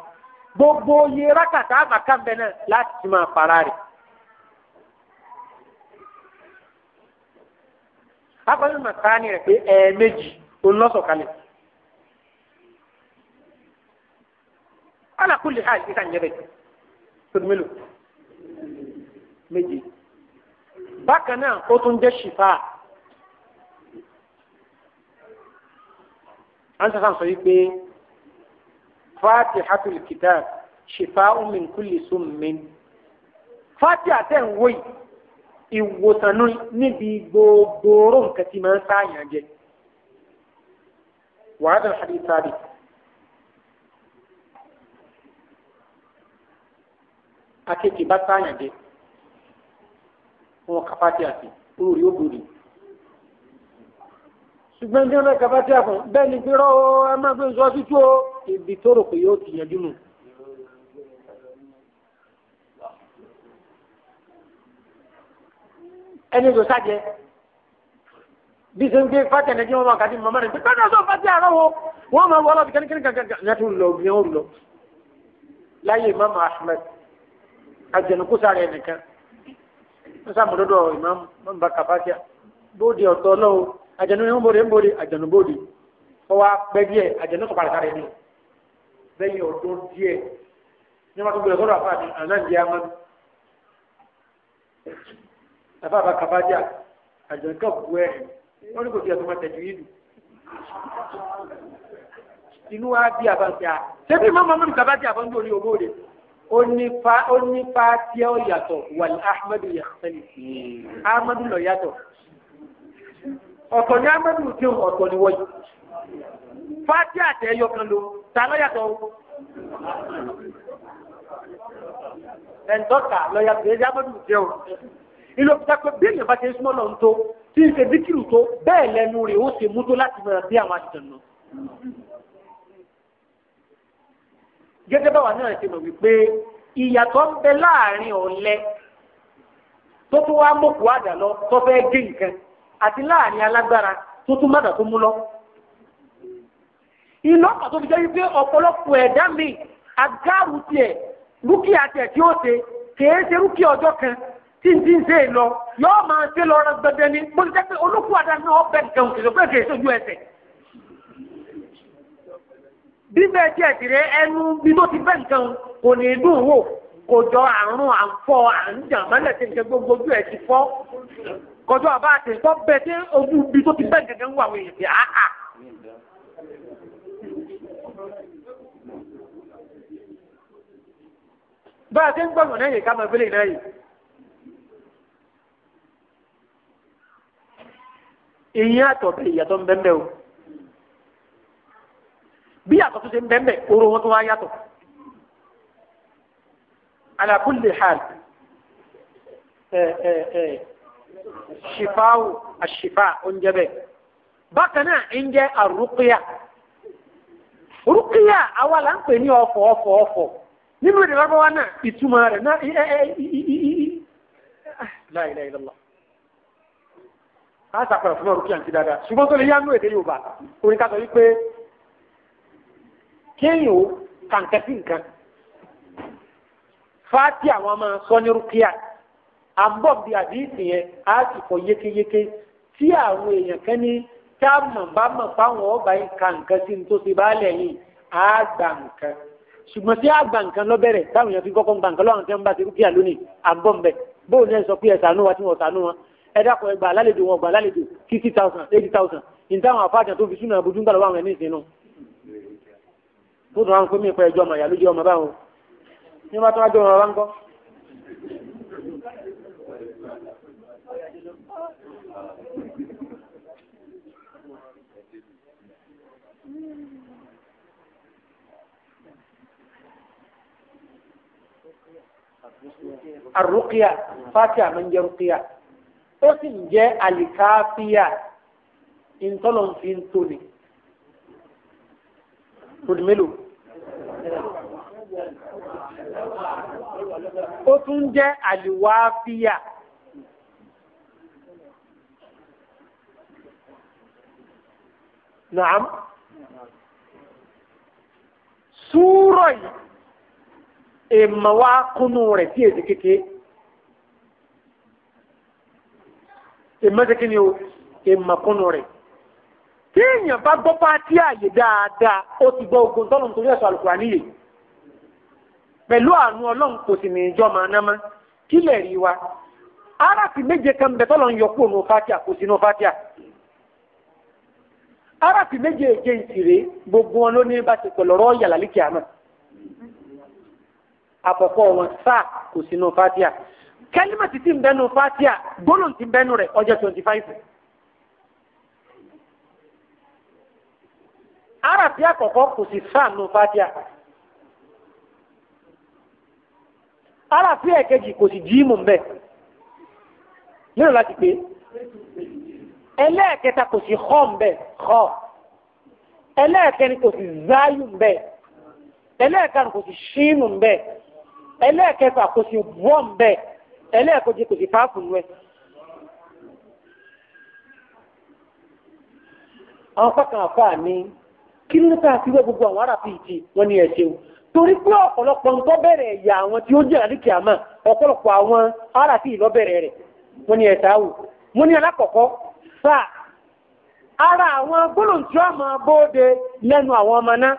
gbogbo iye rákàtà àmàkà bẹ náà láti máa para rẹ̀. akọ́ni mọ̀sáání rẹ̀ pé ẹ̀ẹ̀mejì eh, òun ala kulli hal i ka ɲɛ bɛ tunu mélòó méje bákan náà ó tún jẹ́ ṣìfà an sàkàn sọ yìí pé fatihatul kitab shifa'un min kulli summin fatiha tẹ̀ ń wò yìí níbi gbogbo nǹkan tí jẹ wàhálà hadith sábì. akéèké bá sáyàn jẹ wọn kàfáàtì àti olórí ó gbòdì ṣùgbọ́n bí wọ́n bá kàfáàtì àfọ̀n bẹ́ẹ̀ ni gbérọ́ o ẹ máa gbé nǹkan tútù o ibi tó rò pé yóò ti yanjú nù. ẹni tó sájẹ bí sọ ń gbé fáti ẹnẹjì wọn máa kàdí mọ̀mọ́ rẹ̀ pé pẹ́ẹ́nà sọ fáti àárọ̀ wo wọ́n máa wọ́ ọlọ́ọ̀bì kẹ́nikẹ́ni kankan ní a ti lọ bí wọ́n lọ láyé Imam Ahmed àjẹnukú sáré ẹnìkan wọ́n sàmúlódò ìmáàmù wọ́n bá kàfáṣíà bóde ọ̀tọ̀ ọlọ́wọ́ àjẹnú ń bóde ń bóde bodi, bóde wọ́n wá pẹ́ díẹ̀ àjẹnú kọ̀ pàrọ̀ sáré ni lẹ́yìn ọdún díẹ̀ ní wọ́n tún gbèrè sọ́dọ̀ àfa mi ànáǹdí amánú àfa àbá kàfáṣíà àjẹnú kọ̀ bu ẹ̀ wọ́n ní kò fi ẹ̀sùn máa tẹ̀jú yìí dù inú wa bí àbáṣíà ṣé bí mọ́mọ́ mọ́mí kàfáṣíà fọ́n ó ní fàtíà ó yàtọ̀ wàlí ahmadu yàtọ̀lì ahmadu lọ yàtọ̀ ọ̀tọ̀ ni ahmadu tí ó ọ̀tọ̀ ni wọ́yì fàtíà àtẹ ẹyọ kan ta lọ yàtọ̀ o ẹ̀ńdọ́kà lọ yàtọ̀ ẹ̀yẹ ahmadu tí ó ìlú ọ̀pítà pé bí èèyàn bá ti ń súnmọ́ lọ́n tó tí ń ṣe díkìrù tó bẹ́ẹ̀ lẹ́nu rẹ̀ ó ṣe mú tó láti mọ̀ bí gẹ́gẹ́ báwa náà ti mọ̀ wípé ìyàtọ̀ ń bẹ láàrin ọ̀lẹ tó tún wá mọ̀kú àdà lọ tó fẹ́ gé nǹkan àti láàrin alágbára tó tún mọ̀dà tó mú lọ. iná pàtó fi jẹ́ wípé ọ̀pọ̀lọpọ̀ ẹ̀dá mi agáàrú tiẹ̀ rúkìá tiẹ̀ tí ó ṣe kèé ṣe rúkìá ọjọ́ kan tí n ti ń ṣe é lọ yọ́ọ́ máa ṣe lọ́ọ́ rẹ gbẹdẹ ni mo ti jẹ́ pé olókùn àdá náà ọ̀bẹ nǹkan òṣèlú pé kèé ṣojú ẹsẹ̀ bíbẹ̀ díẹ̀ tìrẹ ẹnu bí tó ti bẹ́ nǹkan kò ní dùn wò kò jọ àrùn àǹfọ̀ àǹjàn mọ́lẹ̀ tí nǹkan gbogbo ojú ẹ̀ ti fọ́ kọjọ́ àbá àti nǹkan bẹ tí ojú bí tó ti bẹ́ nǹkan wà wò èyí àhà. Ah, ah. bá a ti ń gbọ̀ngàn náà yìí ká máa gbélé náà yìí. ìyẹn àtọ̀bẹ̀ ìyàtọ̀ ń bẹ́ẹ̀ o. bí yàtọ̀ tó ṣe ń bẹ́ẹ̀ oró wọn tó wá yàtọ̀ ala kulli hal ṣìfáwò àṣìfá oúnjẹ bẹ́ẹ̀ bákan náà ń jẹ́ àwa là ń pè ní nínú èdè náà ìtumọ̀ rẹ̀ náà la ilaha illallah a sàpẹ̀rẹ̀ fún ti dáadáa ṣùgbọ́n tó lè yá èdè orin ká sọ wípé kéèyàn ó kàǹkà sí nǹkan fáti àwọn ọmọ sọ́nirúkíà àbọ̀bí àdìsí yẹn á sì fọ yékéyéké tí àwọn èèyàn kan ní tá a mọ̀ bá mọ̀ fáwọn ọba yìí kàǹkà sí ní tó ṣe bá lẹ̀ yìí á gbà nǹkan ṣùgbọ́n tí a gbà nǹkan lọ́bẹ̀rẹ̀ táwọn èèyàn fi kọ́kọ́ gbà nǹkan lọ́wọ́n tí wọ́n bá ti rúkìá lónìí àbọ̀m̀bẹ̀ bóun náà sọ pé ẹ̀ sànú wa tí wọ́n sànú wọn ẹ dákun ẹ gbà lálejò wọn gbà lálejò fifty thousand eighty thousand ìtàwọn àfáàjà tó fi súnà àbójú lọ́wọ́ àwọn ẹ̀mí ìsìn náà tó tún wọn pé mí pẹ́ ẹjọ́ ọmọ ìyá ló jẹ́ ọmọ báwọn ní wọn bá tó wá jẹ́ ọmọ bá ń kọ́. arruqiya fatiha máa ń ó sì ń jẹ́ alikaafiya ntọ́lọ́nfin tóni. Tòdìmélòó. Otu tún jẹ́ na Nàám. Súúrọ̀ yìí, èèmọ̀ wá kúnnú rẹ̀ èdè tí èèyàn bá gbọ́ bá tí àyè dáadáa ó ti gbọ́ ogun tọ́lọ̀ nítorí ẹ̀sọ́ àlùkùrà níyè pẹ̀lú àánú ọlọ́run kò sì ní ìjọ màá ná mọ́ kí lè rí wa aráàfì méje kan bẹ tọ́lọ̀ ń yọ kúrò ní fatia kò sí ní fatia aráàfì méje èje ìtìrè gbogbo wọn ló bá ti pẹ̀lú ọ̀rọ̀ yàrá líkì àmọ́ àkọ́kọ́ wọn sáà kò sí ní fatia ti ń bẹ́nu fatia gbólóhùn ti ń bẹ́nu rẹ̀ ọjọ́ twenty five. arabi àkọ́kọ́ kò sí sáànù fatia arabi ẹ̀kejì kò sí jíìmù mbẹ nínú láti pé ẹlẹ́ẹ̀kẹta kò sí họ mbẹ họ ẹlẹ́ẹ̀kẹrin kò sí záyù mbẹ ẹlẹ́ẹ̀karùn kò sí ṣínú mbẹ ẹlẹ́ẹ̀kẹfà kò sí wọ́ mbẹ ẹlẹ́ẹ̀kọjẹ kò sí páàpù nù àwọn pákàn àfáà ní kí ló tá a fi wẹ́ gbogbo àwọn ará fi ìtì wọn ni ẹ ṣeun torí pé ọ̀pọ̀lọpọ̀ nǹkan bẹ̀rẹ̀ ẹ̀yà àwọn tí ó jẹ́ àdìkì àmà ọ̀pọ̀lọpọ̀ àwọn ará fi ìlọ bẹ̀rẹ̀ rẹ̀ wọn ni ẹ̀ta wò wọn ni alákọ̀ọ́kọ́ sà ara àwọn gbólóhùn tí wọ́n máa bóde lẹ́nu àwọn ọmọ náà.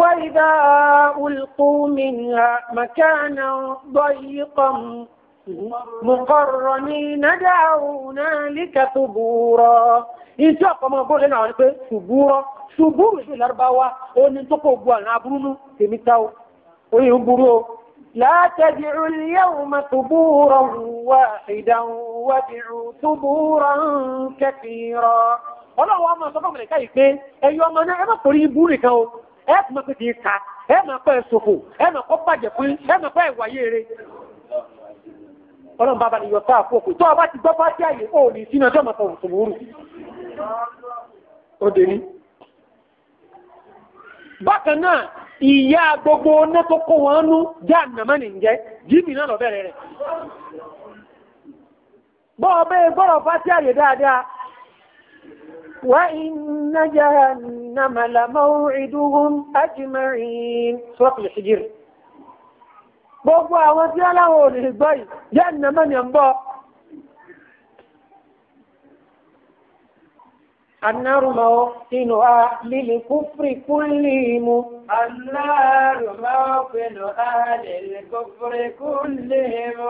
وإذا ألقوا منها مكانا ضيقا مقرنين دعوا هنالك ثبورا in tí ọ̀pọ̀ ọmọ ọgbọ́n lẹ́nu àwọn ni pé ṣùgbúrọ́ ṣùgbúrù ìṣe lárúbáwá ó ní tó kó gbọ́ àwọn aburúnú tèmi tá o oyin ń burú o. látẹ̀jì ìrìnyẹ́wò máa tùbúrọ̀ wá ìdáhùn wá bìrù tùbúrọ̀ kẹfìrọ̀. ọlọ́wọ́ ọmọ sọ́kọ̀ mọ̀lẹ́ káyìí pé ẹ̀yin ọmọ náà ẹ má torí ibú nìkan o ẹ kò máa pè é ká ẹ máa pẹ́ ṣòfò ẹ máa kọ́ bàjẹ́ fún ẹ máa pẹ́ ìwàyé rẹ̀ ọlọ́run bàbá ni yọ̀tá àfọ́kù tó ọba ti gbọ́ bá tí àyè ó lè sínú ọjọ́ mọ̀tọ̀ òṣùwúrù ó dé ní. bákan náà ìyá gbogbo ọ̀nà tó kó wọn nú já nàmá nì jẹ́ jíìmì náà lọ bẹ̀rẹ̀ rẹ̀. bọ́ ọbẹ̀ bá tí àyè dáadáa inna jahannama gbogbo àwọn tí aláwọ̀ ò lè gbọ́ yìí jẹ́ ìnàmọ́ ni ń bọ́ annárùmọ́ inú a lílì kúfrì kúlì mú annárùmọ́ inú a lílì kúfrì kúlì mú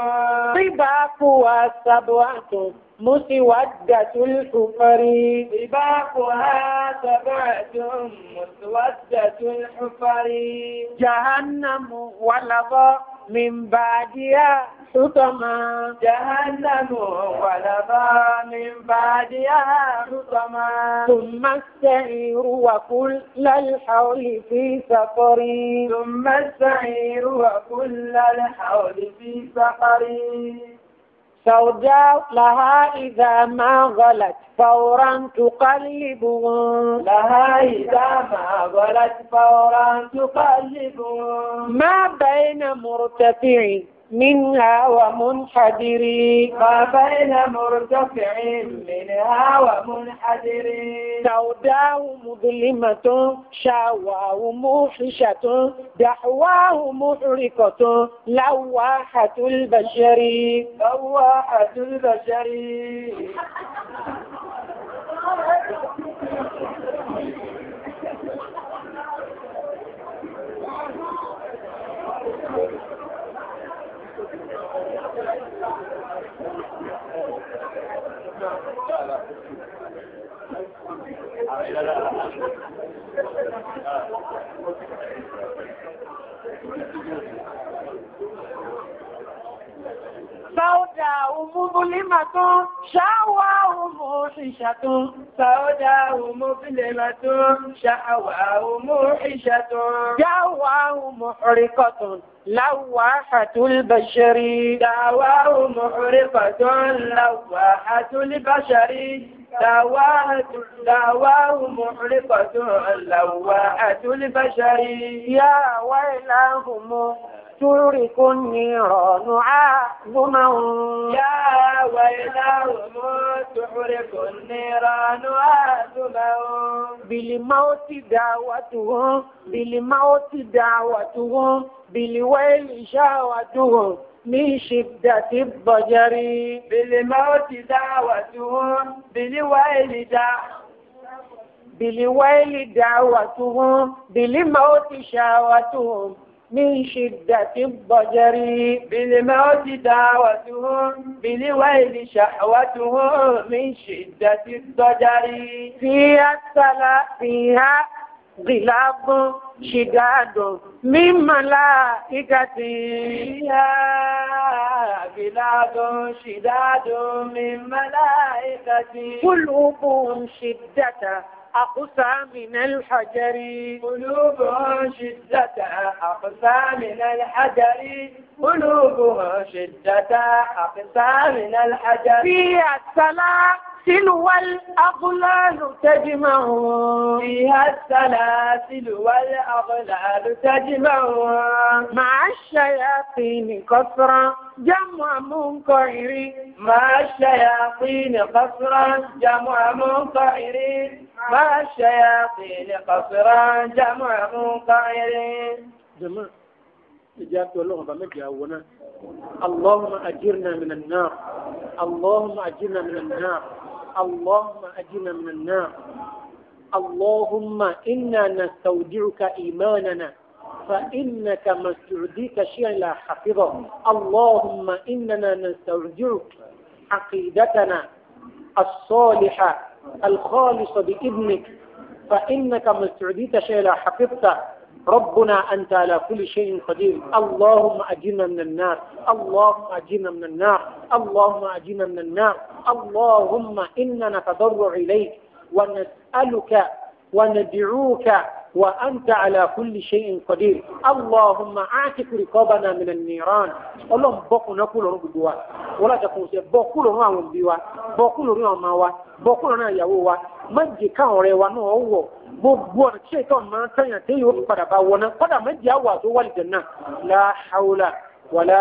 ríbá kú wa sábọ̀ àtún mú sí kú wa sábọ̀ àtún mú sí wà من بعدها حطما جهنم غلبا من بعدها حطما ثم السعير وكل الحول في سفر ثم السعير وكل الحول في سفر سوداء لها إذا ما غلت فورا تقلبهم لها إذا ما غلت فورا تقلبهم ما بين مرتفعين منها ومنحدر ما بين مرتفع منها ومنحدر سوداه مظلمة شاواه موحشة دحواه محرقة لواحة البشر لواحة البشر Thank you. Sáódà òmúbúlímà tó ṣáwà òmú ìṣà tó. Sáódà òmúbúlímà tó ṣáwà òmú ìṣà tó. Yáwà òmú ọ̀rẹ́kọ̀ tó. لواحة البشر دعواه محرقة لواحة البشر دعواه محرقة لواعة البشر يا ويلهم ترك النيران عظما يا ويلهم تحرق النيران عظما بالموت دعوتهم بالموت دعوتهم بالويل شاوتهم من شدة الضجر بالموت دعوتهم بالويل دعوتهم بالويل دعوتهم بالموت شاوتهم من شدة الضجر بالموت دعوتهم بالويل شحوتهم من شدة الضجر فيها السلا فيها غلاب شداد من ملائكة يا بلاد شداد من ملائكة قلوب شدة أقسى من الحجر قلوب شدة أقسى من الحجر قلوب شدة أقسى من الحجر في السلام السلاسل والأغلال تجمع فيها السلاسل والأغلال تجمع مع الشياطين قصرا جمع منكر مع الشياطين قصرا جمع منكر مع الشياطين قصرا جمع منكر جماعة إجابة اللغة بمجي أولا اللهم أجرنا من النار اللهم أجرنا من النار اللهم أجنا من النار اللهم إنا نستودعك إيماننا فإنك ما شيئا لا حفظه اللهم إننا نستودعك عقيدتنا الصالحة الخالصة بإذنك فإنك ما شيئا لا حفظته ربنا أنت على كل شيء قدير اللهم أجرنا من النار اللهم أجرنا من النار اللهم أجرنا من النار اللهم إنا نتضرع إليك ونسألك وندعوك وأنت على كل شيء قدير اللهم أعتق رقابنا من النيران اللهم بقنا كل ربوا ولا تقول سيئ بقنا نوع بوا بقنا نوع موا بقنا نوع يوا من جكا وريوا نوع gbogbo ọ̀nà tí ṣètò máa ń tẹ̀yàn tí yóò padà bá wọná kọ́dà méjì á tó wà lìjẹ̀ náà la hawla wala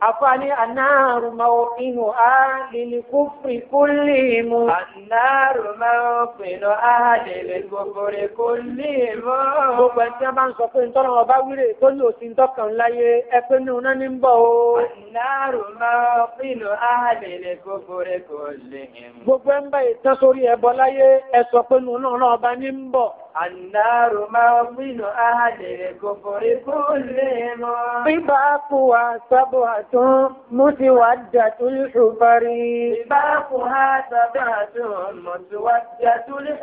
Àfáàní anáàrù máa inú àálìlì kú fún kúlì mú. Anáàrù máa pẹ̀lú àálìlì gbogbogbò kúlì mú. Gbogbo ẹ̀ tí a bá ń sọ pé ń tọ́nà ọba wírè tó ní òsì tọ́kàn láyé ẹgbẹ́ ní ọ̀nà ní ń bọ̀ o. Anáàrù máa pẹ̀lú àálìlì gbogbogbò kúlì mú. Gbogbo ẹ̀ ń bá ìtàn sórí ẹbọ láyé ẹ sọ máa pínú àádẹ̀rẹ̀ gbogbo rí kúlè mọ́. Bíbá kú wa sábò مسودة الحفر سباقها سبعة مسودة الحفر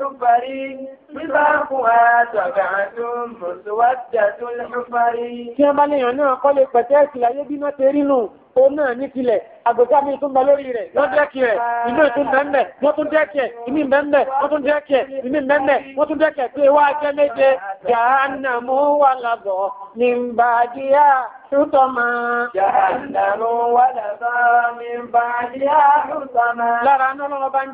سباقها سبعة مسودة الحفر كما لي أنا قلت بتاك لا يبين ترينو o náà ní tilẹ̀ àgbẹ̀ká mi tún bẹ lórí rẹ̀ wọ́n dẹ́kì rẹ̀ inú ìtún bẹ́ẹ̀ wọ́n tún dẹ́kì ẹ̀ ìmí bẹ́ẹ̀ wọ́n tún dẹ́kì ẹ̀ ìmí bẹ́ẹ̀ wọ́n tún dẹ́kì ẹ̀ pé wá jẹ́ méje jahannamu wà lábọ̀ ní bàdíyà ṣútọ́mà. jahannamu wà lábọ̀ ní bàdíyà ṣútọ́mà. lára náà lọ́wọ́ bá ń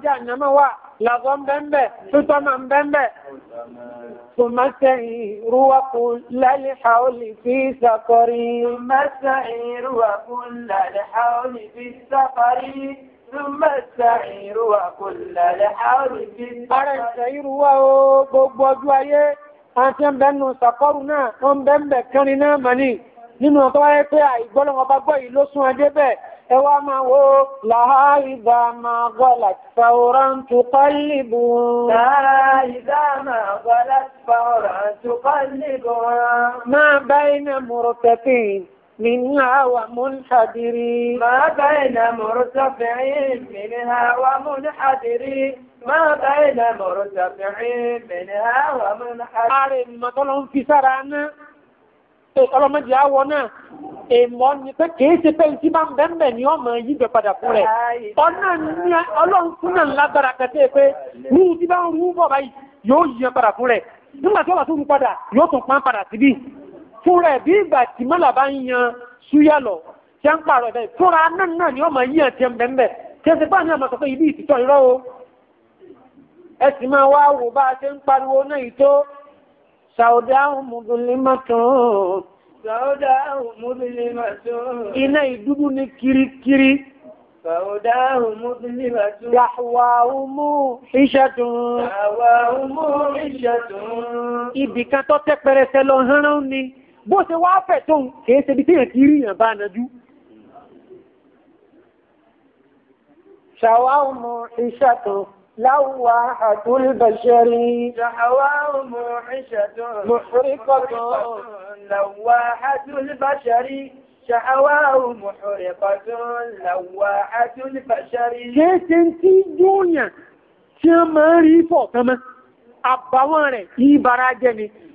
وكل الحول في السفر ثم السعير وكل الحول في السفر أرى السعير وبوجوايه àti ẹ̀bẹ̀nu sàkọ́rù náà wọ́n bẹ̀m̀bẹ̀ kẹrin náà mọ̀ ní nínú ọ̀tọ́ wáyé pé àìgbọ́lọ́wọ́ bá gbọ́ yìí ló sún ajé bẹ́ẹ̀ ẹ wá máa wo láhá ìdá máa gọ́lá fàúrà ń tó kọ́lìbù máa bá iná mọ̀rọ̀ tẹ̀fìn منها ومنحدر ما بين مرتفعين منها ومنحدر ما بين مرتفعين منها ومنحدر ààrẹ ìmọ̀tọ́lọ́ في fi sára náà ọlọ́mọdé àwọ̀ náà èmọ́ ni pé kìí ṣe pé tí bá ń bẹ́ẹ̀mẹ̀ ni ọmọ yìí bẹ̀ padà fún rẹ̀ ọ̀nà ní ọlọ́run fún náà lágbára kẹtẹ́ pé ní ti ń rú bọ̀ báyìí yóò yí padà fún rẹ̀ nígbà tí ó bá tún padà yóò tún pán padà síbí fúnra ẹ̀ bí ìgbà tí mọ́là bá ń yan súyà lọ tí a ń pààrọ̀ ẹ̀bẹ̀ fúnra náà náà ni ọmọ yíyàn ti ẹ̀mẹ̀ mẹ́ tí ẹ ti bá ní àmọ́ sọ pé ibi ìtìtọ́ irọ́ o ẹ sì máa wá wò bá a ṣe ń pariwo náà yìí tó sàódà mùdùlímọ̀tún sàódà mùdùlímọ̀tún iná ìdúdú ní kirikiri sàódà mùdùlímọ̀tún yàwà umú ìṣẹ́tún yàwà umú ìṣẹ́tún ibìkan tó tẹ́ pẹrẹsẹ lọ hánrán ni bó ṣe wá fẹ̀ tó ń kèé ṣe bí tí yàn kí rí yàn bá nájú شوام عشة لواحة البشر شوام عشة محرقة لواحة البشر شعواه محرقة لواحة البشر كيسن تي دنيا tí a máa rí fọ̀ kan mọ́ àbáwọn rẹ̀ ìbára jẹ́ ni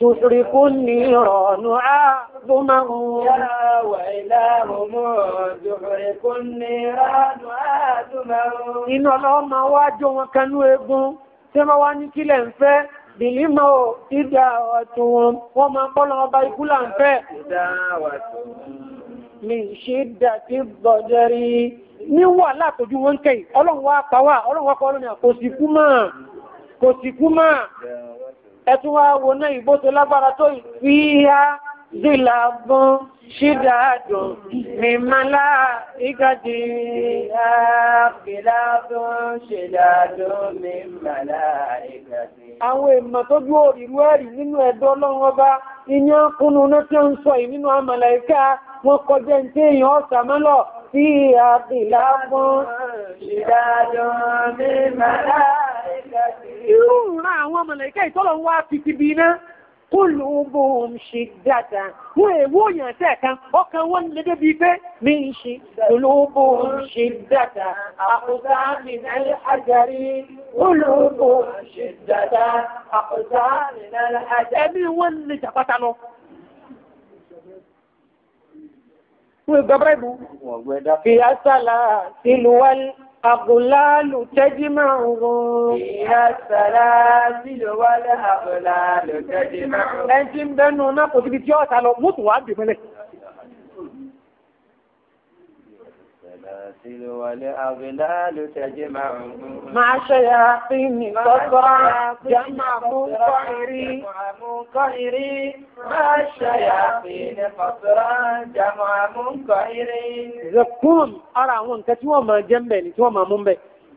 تحرق النيران عظمهم يا ويلهم تحرق النيران عظمهم iná lọ́wọ́ máa wá jó wọn kanú egun tí wọ́n wá ní kílẹ̀ ń fẹ́ bìlímọ̀ ìdá ọ̀tún wọn wọ́n máa bọ́lọ́ ọba ikú mi ṣe dàtí bọ̀jẹ̀rí níwà látòjú wọn kẹ́ ọlọ́run wá pàwà ọlọ́run wá pàwà lónìí àkòsìkú máa ẹ̀tún wa wo náà ìbò tó lágbára tó ìfíhá zílàbùn ṣídàádùn mímọ́lá ìgàdì àwọn èèmọ̀ tó bí òrìrú ẹ̀rì nínú ẹ̀dọ́ ọlọ́run ọba iní ọkùnrin oná tí ó ń sọ ì nínú àmàlà ìká wọn kọjẹ́ tí èèyàn ọ̀sàmọ́lọ̀ sí àbìlá fún ṣìdádùn mímọ́lá irú ìran àwọn mọ̀lẹ́kẹ́ ìtọ́lọ̀ ń wá títí bí iná kó ló bó ń ṣe dáadáa wọ́n èwú òyàn tẹ́ kan ọkàn wọ́n lè débi pé mi ń ṣe ló bó ń ṣe dáadáa àkùsá mi náà àjàrí ó ló bó ń ṣe dáadáa àkùsá mi náà àjàrí ẹ̀mí fi Asala, sílùú wálé. الأقلال تجمعهم فيها السلاسل والأقلال تجمعهم أنت مدنونا قلت بيتيوت على موت وعبد ملك Máa ṣe ya fi ní sọ́sọ́, jẹ́mà mú kọ́ ìrí. Máa ṣe ya fi ní sọ́sọ́, jẹ́mà mú kọ́ ìrí. Zakun ara àwọn nǹkan tí wọ́n máa jẹ́ mbẹ̀ ni tí wọ́n máa mú mbẹ̀.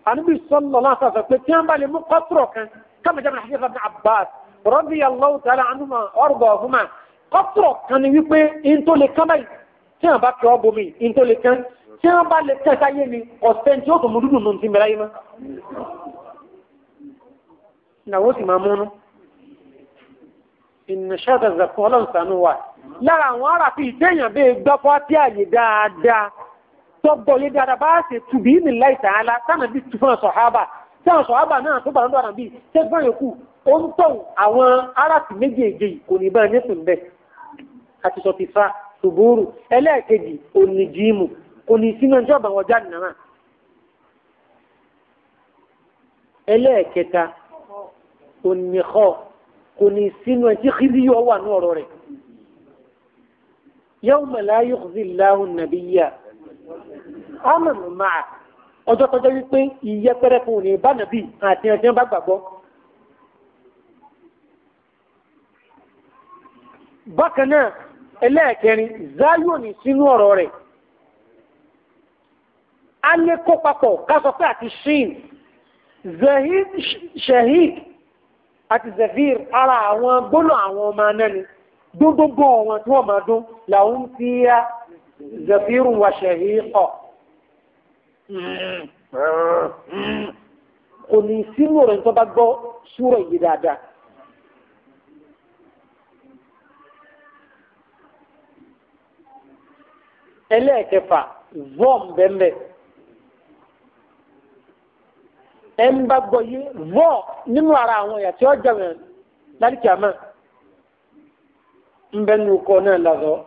Àníbì sọ́lọ̀ láti sọ pé tí wọ́n bá lè mú kọ́tùrọ̀ kan, kama jẹ́ Nàìjíríà Ibn Abbas, radiyallahu ta'ala anhuma ọ̀rọ̀gọ̀ ọ̀húnmá. Kọ́tùrọ̀ kan ni wípé in tó le kán báyìí, tí wọ́n kí ọ bomi, in tó le kán tí wọ́n bá lè tẹ́ sáyé ni ọ̀sẹ̀ tí ó tó mú dúdú nù ti mẹ́ráyé mọ́ ìnáwó sì máa múnú ìnáṣẹ́dà zẹ̀kún ọlọ́nsánú wà lára àwọn ará fi ìtẹ́yàn bẹ́ẹ̀ gbọ́pọ́ tí àyè dáadáa tọ́gbọ́ yé dáadáa bá ṣe tùbí ní láìsà ala sáànà bí tu fún sọ̀hábà tí àwọn sọ̀hábà náà tó bàrọ̀ dọ̀rọ̀ bíi tẹ́gbọ́n yòókù ó ń tọ̀ àwọn ará fi méjèèjì kò ní bá nípìn bẹ́ẹ̀ àti sọ̀tìfà ṣùgbọ́rù ẹlẹ́ẹ̀kejì òní jíìmù kò ní sínú ẹjọ́ àbàwọ̀ jáde náà ẹlẹ́ẹ̀kẹta kò ní kọ́ kò ní sínú ẹjọ́ kìí yọ wà ní ọ̀rọ̀ rẹ̀ yawma la yukhzi Allahu an-nabiyya amanu ma'a ọjọ́ tọ́jọ́ wípé ìyẹ́pẹ́rẹ́ fún òní bá nàbí àti ẹ̀jẹ̀ bá gbàgbọ́. bákan náà ẹlẹ́ẹ̀kẹrin záyò ní sínú ọ̀rọ̀ rẹ̀ a lè kó papọ̀ àti shin zahid shahid àti zafir ara àwọn gbóná àwọn ọmọ anẹni ni wọn tí wọ́n máa dún làwọn fi ya zafirun wa shahiqa kò ní sínú rẹ̀ tó ẹ̀ ń bá gbọ́ yé rọ̀ nínú ara àwọn ẹ̀yà tí ó jẹun ẹ̀ lálùkì àmà ń bẹ́ nu kọ́ náà lọ́sọ̀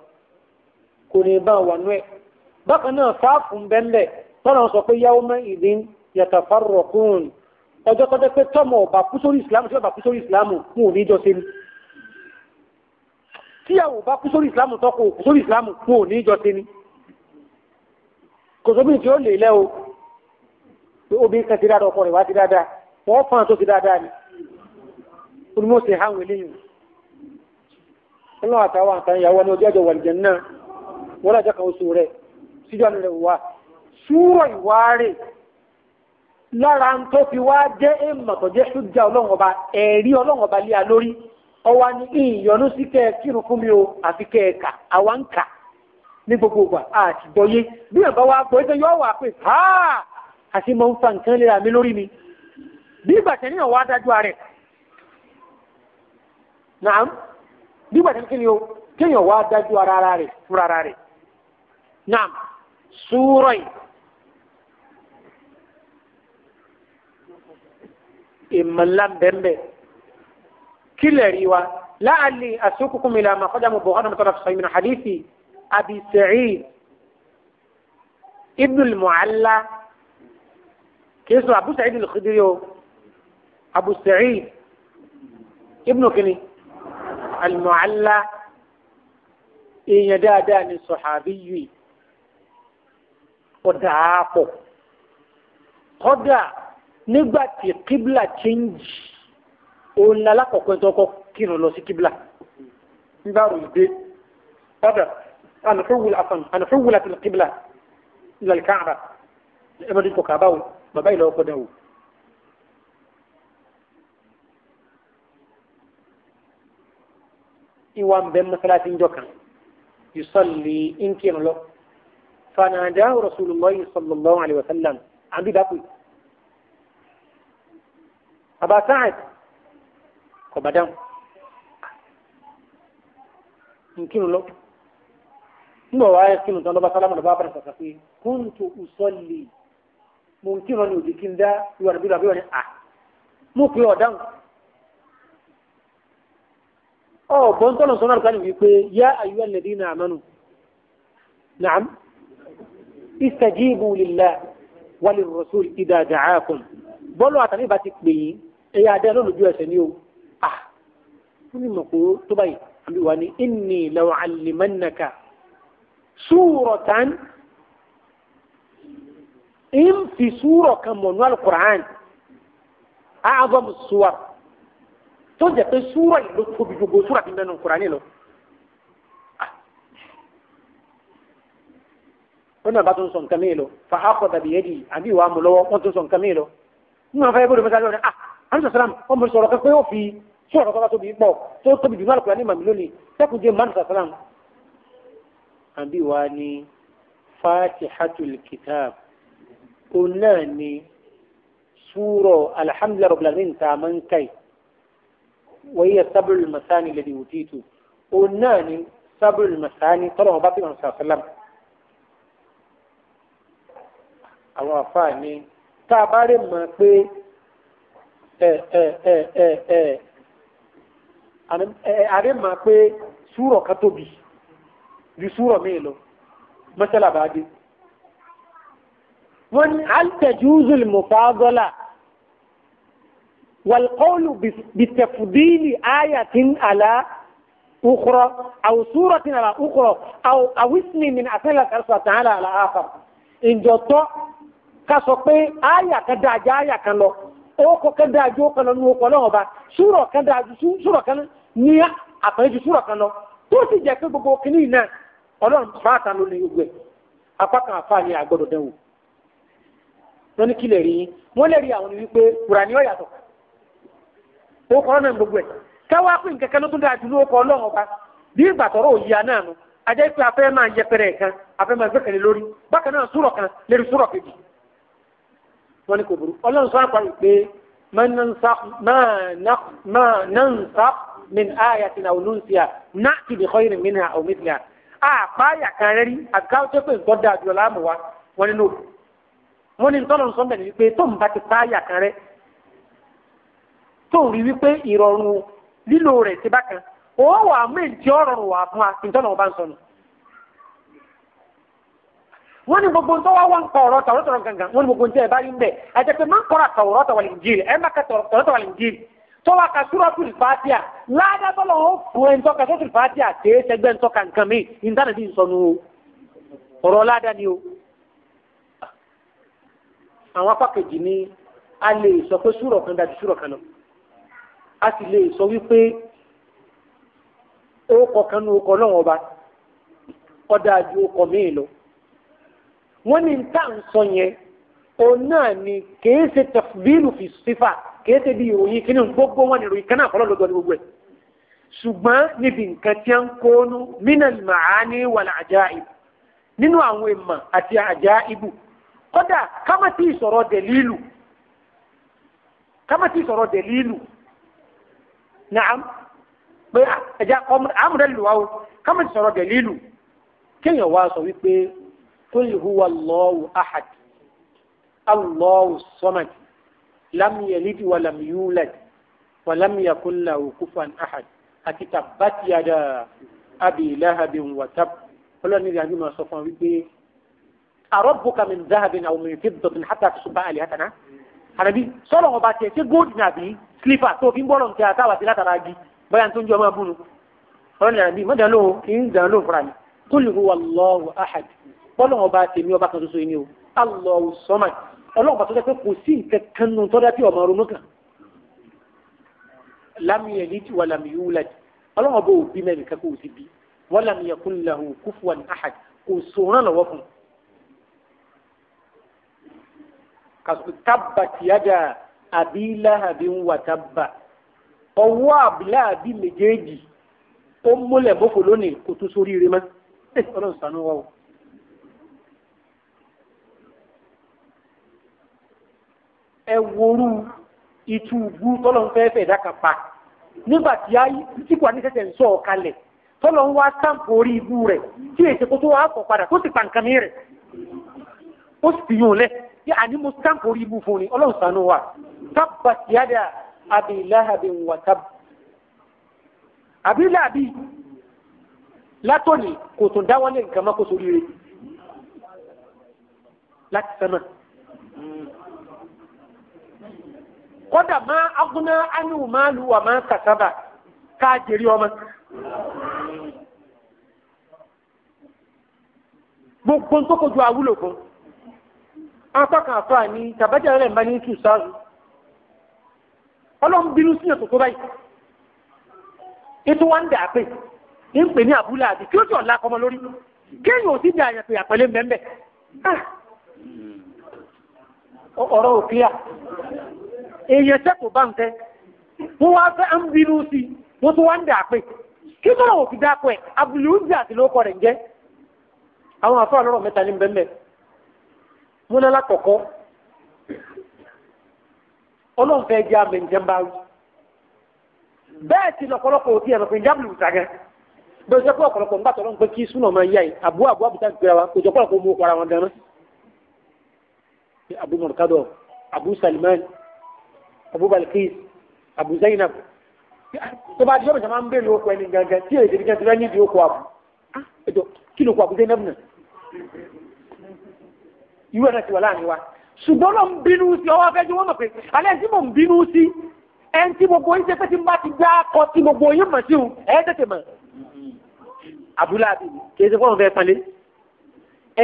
kò ní bá wà nú ẹ̀ bákan náà fáàfù ń bẹ́ ń bẹ̀ tọ́lọ̀ sọ pé yáwó mọ́ ìdí yàtọ̀ fárọ̀ kún ọjọ́ tọ́jọ́ pé tọ́mọ̀ ọba kú sórí ìsìlámù tí ọba kú sórí ìsìlámù fún òní ìjọ sí ni tíyàwó bá kú sórí ìsìlámù tọ́kọ̀ kú sórí ìsìlámù fún òní ìjọ sí ni kò sóbì tí ó lè lẹ́ o pé obìnrin kan ti dáadáa ọkọ rẹ̀ wá ti dáadáa wọ́n fún àwọn ti dáadáa ni onímọ̀ọ́sẹ̀ háwọn eléyìí ọlọ́wọ́ àtàwọn àtàwọn ìyàwó ní ọjọ́ àjọ wàlìjẹ̀ náà wọ́n lájọ́ kan oṣù rẹ̀ síjọ́ àmì rẹ̀ wà ìwà rẹ̀ lára ń tó fi wá jẹ́ èèmọ̀ tó jẹ́ ọwa ni sí kẹ́ kírun fún mi o àfi kẹ́ àwa ń kà ní gbogbo ìgbà bí àti mọ̀ ń fa nǹkan lera mi lórí mi bí ìgbà tẹ̀ níyàn wá dájú ààrẹ nàám bí ìgbà tẹ̀ níyàn kéèyàn wá dájú ara ara rẹ̀ fúnra ara rẹ̀ nàám súúrọ̀ yìí ìmọ̀lá bẹ́ẹ̀ kílẹ̀ rí wa láàlì àsìkùkùn mi làmà kọjá mo bọ̀ ọ́nà mọ́tò lọ́fọ̀ ìmìnà hadithi abi sa'id mualla kìí sọ Abu Sa'id al-Khudri o Abu Sa'id ibnu kini al-Mu'alla èèyàn dáadáa ni sọ̀hábí yìí ó dáa pọ̀ kọ́dà nígbà tí kíbla change òun lálákọ̀ọ́kọ́ tó kọ́ kírun lọ sí kíbla nígbà rò dé padà ànàfẹ́wùlà àfàn ànàfẹ́wùlà tó kíbla ìlàlẹ̀ káàbà ẹ̀mọ́dé tó kàbáwò bàbá ìlọ ọkọ dẹwò. ìwà ń bẹ mọ́sálásí ń jọ kan yusalli ń kírun lọ. فناداه رسول الله صلى الله عليه وسلم عم بيبكي أبا سعد قبدام يمكن له ما واقف كنت أنا بسلام أنا بابر كنت أصلي mo ń kírun ní òdì kí n dá ìwà nàbí ìwà ní à ah! mo pè ọ̀ dáhùn. ọ̀bọ̀n tọ́lọ̀ sọ́nà àlùkò àlùkò wípé yá àyùwá lẹ́dí náà àmọ́nù nàám istajibu lillah wàlẹ̀ rasul ìdá dàákùn bọ́ọ̀lù àtàlẹ́ ìbá ti pè yín ẹ̀yà adé lọ́lùjú ẹ̀sẹ̀ ni o à fún mi mọ̀ pé tó báyìí àbí wà ní inni law allimannaka suratan in fi súrọ̀ kan mọ̀ ní alukur'an aazọ́m suwar tó jẹ́ pé súrọ̀ yìí ló tóbi gbogbo súrọ̀ tí ń bẹ nínú kur'an lọ. wọ́n náà bá tún sọ nǹkan mìíràn lọ fa akọ dàbí yẹ́dì àbí ìwà mú lọ́wọ́ wọ́n tún sọ nǹkan mìíràn lọ. nínú àwọn afẹ́yẹ́bọ̀dọ̀ mẹ́ta lọ́wọ́ ni ah àrùn sàlám ọmọ sọ̀rọ̀ kan pé ó fi sọ̀rọ̀ kan bá tóbi pọ̀ tó tóbi jù ní alukur'an ní màmí lónìí sẹ́kùn jẹ́ mọ́nù sàlám. àbí wa ni fatihatul kitab òun náà ni súrọ̀ alhamdulilayi rabbil alamin tá a máa ń kàì wọ́n yẹ sábúrò masani lẹ́dí òtítù òun náà ni sábúrò masani tọ́lọ̀ wọn bá fi hàn sàfẹ́lám. àwọn àfààní tá a bá rí mọ̀ pé ẹ ẹ ẹ ẹ ẹ àrí mọ̀ pé súrọ̀ kan tóbi ju súrọ̀ míì lọ mọ́sálà bá dé wọ́n ní altajuzul mufadala walqawlu bitafudili ayatin ala ukhra aw suratin ala ukhra aw aw ismin min asma'i Allah ta'ala ala akhar ìjọtọ́ ká sọ pé àyà kan dáa jẹ́ àyà kan lọ oko kan da jo kan nu ko lọ́wọ́ ba suro kan da ju suro kan ni àpẹẹrẹ ju suro kan lọ tó sì jẹ́ pé gbogbo kìnnìún náà ọlọ́run bá ta ló ní gbogbo ẹ̀ apá ni àgbọ̀dọ̀ dẹ́wò wọ́n ní kílẹ̀ rí wọ́n lè rí àwọn wípé Kùránì ó yàtọ̀ ó kọ́ náà gbogbo ẹ̀ káwá pín kẹ̀kẹ́ ló tún dáa dúró kọ́ ọlọ́run ọba bí ìgbà tọ́rọ̀ òyìí àná àná ajá ìpè afẹ́ máa yẹpẹrẹ kan afẹ́ máa gbẹ́kẹ̀lé lórí bákan náà súrọ̀ kan lérí súrọ̀ kejì wọ́n ní kò burú ọlọ́run sọ àpárí pé máa náà ń sá min aya ti na olú ń sìyà náà ti bì kọ́yìn mi ní àwọn mi ti ní à. àpáyà kan rẹ́rí àti tó pè ń tọ́ da àjọ wọ́n ní tọ́lọ̀ sọ́ńdẹ̀ ni wípé tó ń bá ti páyà kan rẹ tó rí wípé ìrọ̀rùn lílo rẹ̀ ti bá kan òwò wà méjì ọ̀rọ̀rùn wà fún wa ìtọ́nà ọba ń sọnù. wọ́n ní gbogbo ń tọ́wọ́ wọn kọ̀ ọ̀rọ̀ tọ̀rọ̀ tọ̀rọ̀ gangan wọ́n ní gbogbo ń tẹ́ ẹ bá rí ń bẹ̀ ẹ̀jẹ̀ pé máa ń kọ́ra tọ̀rọ̀ tọ̀wọ̀ lè jìl ẹ̀ máa ka tọ̀rọ̀ tọ̀wọ̀ lè jìl tọ́wọ́ ka súrọ́tù fàtíà ládàbọ̀lọ̀ ó fún ẹ̀ ńtọ́ka súrọ́tù fàtíà tẹ́ ẹ sẹ́gbẹ́ ńtọ́ka nǹkan mi ìtànà ń sọnù ọ̀rọ̀ ládàá ni o. àwọn apá kejì ni a lè sọ pé súrọ̀ kan dájú súrọ̀ kan a sì lè sọ wípé orúkọ kan ní orúkọ ọlọ́run ọba ọ̀dà ju orúkọ míì lọ wọ́n ní tá à ń sọ yẹn òun náà ni kèé ṣe fi sífà kèé ṣe bí ìròyìn gbogbo wọn ìròyìn kan náà fọlọ́ lọ́dọ̀ ní gbogbo ẹ̀ ṣùgbọ́n níbi nǹkan tí a ń kóónú mínà màá ní wàlà àjá ibù nínú àwọn ìmọ̀ àti àjá kódà kámátì sọ̀rọ̀ dẹ̀lílù kámátì sọ̀rọ̀ dẹ̀lílù naam pé ẹja amúdẹ́lù wa o kámátì sọ̀rọ̀ dẹ̀lílù kéèyàn wá sọ wípé kul huwa Allahu ahad Allahu samad lam yalid wa lam yulad wa lam yakun lahu kufuwan ahad àti tabbat yada abi lahabin wa tab ọlọ́ni ìrìn sọ fún wípé àrọ́bùkà mi dáhàbí náà omi fi dọ̀tún hàtà ṣùgbọ́n àlè hàtà náà ànàbí sọ̀rọ̀ ọba tiẹ̀ ṣé góòdì nàbí sílífà tó fi ń bọ́rọ̀ nǹkan àtàwà sí látara agi bóyá tó ń jẹ́ ọmọ abúlù ọ̀rọ̀ ní ànàbí mọ́jà lóhùn kì í dàn lóhùn fúnra mi qul huwallahu ahad bọ́lọ̀ ọba tèmi ọba kan ṣoṣo yìí ni o Allahu samad ọlọ́run bá tó jẹ́ pé kò sí nǹkan kan nù tọ́jà tí ọmọ ronú kan lam yalid wa lam yulad ọlọ́run bó bí mẹ́rin kan kò sí bí wa lam yakun lahu kufuwan ahad kò sòrán lọ́wọ́ fún un tabbat yada abi lahabin wa tabba ọwọ́ àbílà àbí méjèèjì ó múlẹ̀ bófò lónìí kò tún sórí ire mọ́ eh, ọlọ́run ṣàánú wa o. ẹ worú itú bú tọ́lọ́n fẹ́ fẹ́ dáka pa nígbà tí a tí kò ní sẹ́sẹ̀ ń sọ ọ̀kalẹ̀ tọ́lọ́n wá sáǹpù orí ibú rẹ̀ tí èsì kó tó wá kọ̀ padà tó sì pa nǹkan mi rẹ̀ ó sì fi yún un tí àní mo stamp orí ibú fún ni ọlọ́run ṣàánú wa tábà tíyádà àbí láhàbí wà tábà àbí láàbí látòní kò tún dáwọ́lé nǹkan mọ́ kó sórí rẹ̀ láti sẹ́mọ̀. kódà máa agúná ánìwò máa lu wà máa kàsábà káàjèrè ọmọ. gbogbo ń tó kojú àwúlò fún apá kan àtọ́ rẹ̀ bá ní tù sáàrù ọlọ́run bínú sí ètò tó báyìí ètò wa ń dà pé pè ní àbúlé àti kí ó sì ọ̀la kọmọ lórí kéèyàn ò sì dà àyàn pèyà pẹ̀lẹ́ mẹ́mẹ́ ọ̀rọ̀ ò kíyà èèyàn sẹ́kù bá ń tẹ́ wọ́n wá fẹ́ ń bínú sí wọ́n tó kí àbúlé lóko rẹ̀ wọn lọ́la kọ̀kọ́ ọlọ́run fẹ́ jẹ́ àmì ìjẹba wí bẹ́ẹ̀ ti lọ́pọ̀lọpọ̀ òtí ẹ̀rọ pé ìjábùlù ìtàgẹ́ bẹ́ẹ̀ sọ pé ọ̀pọ̀lọpọ̀ ń bàtọ̀ lọ́n pé kí súnà máa yá yìí àbúrò àbúrò àbúrò táwọn gbéra wa kò jọ pọ̀lọpọ̀ mú ọkọ̀ wọn gan Abu Murkado Abu Salman Abu Balqis Abu Zainab tó bá dijọ́ bẹ̀rẹ̀ máa ń bèèrè okò ẹni gangan tí èdè bíjẹ́ ti rẹ́ níbi okò àbù ètò kí ló kọ Abu Zainab náà irú ẹ̀ náà ti wà láàrin wa ṣùgbọ́n ló ń bínú sí ọwọ́ afẹ́jú wọn mọ̀ pé alẹ́ tí mò ń bínú sí ẹni tí gbogbo yín ṣe pé tí n bá ti dá akọ tí gbogbo yín mọ̀ sí òun ẹ̀ tètè mọ̀ abúlé àbí kì í ṣe fọ́n fẹ́ panlé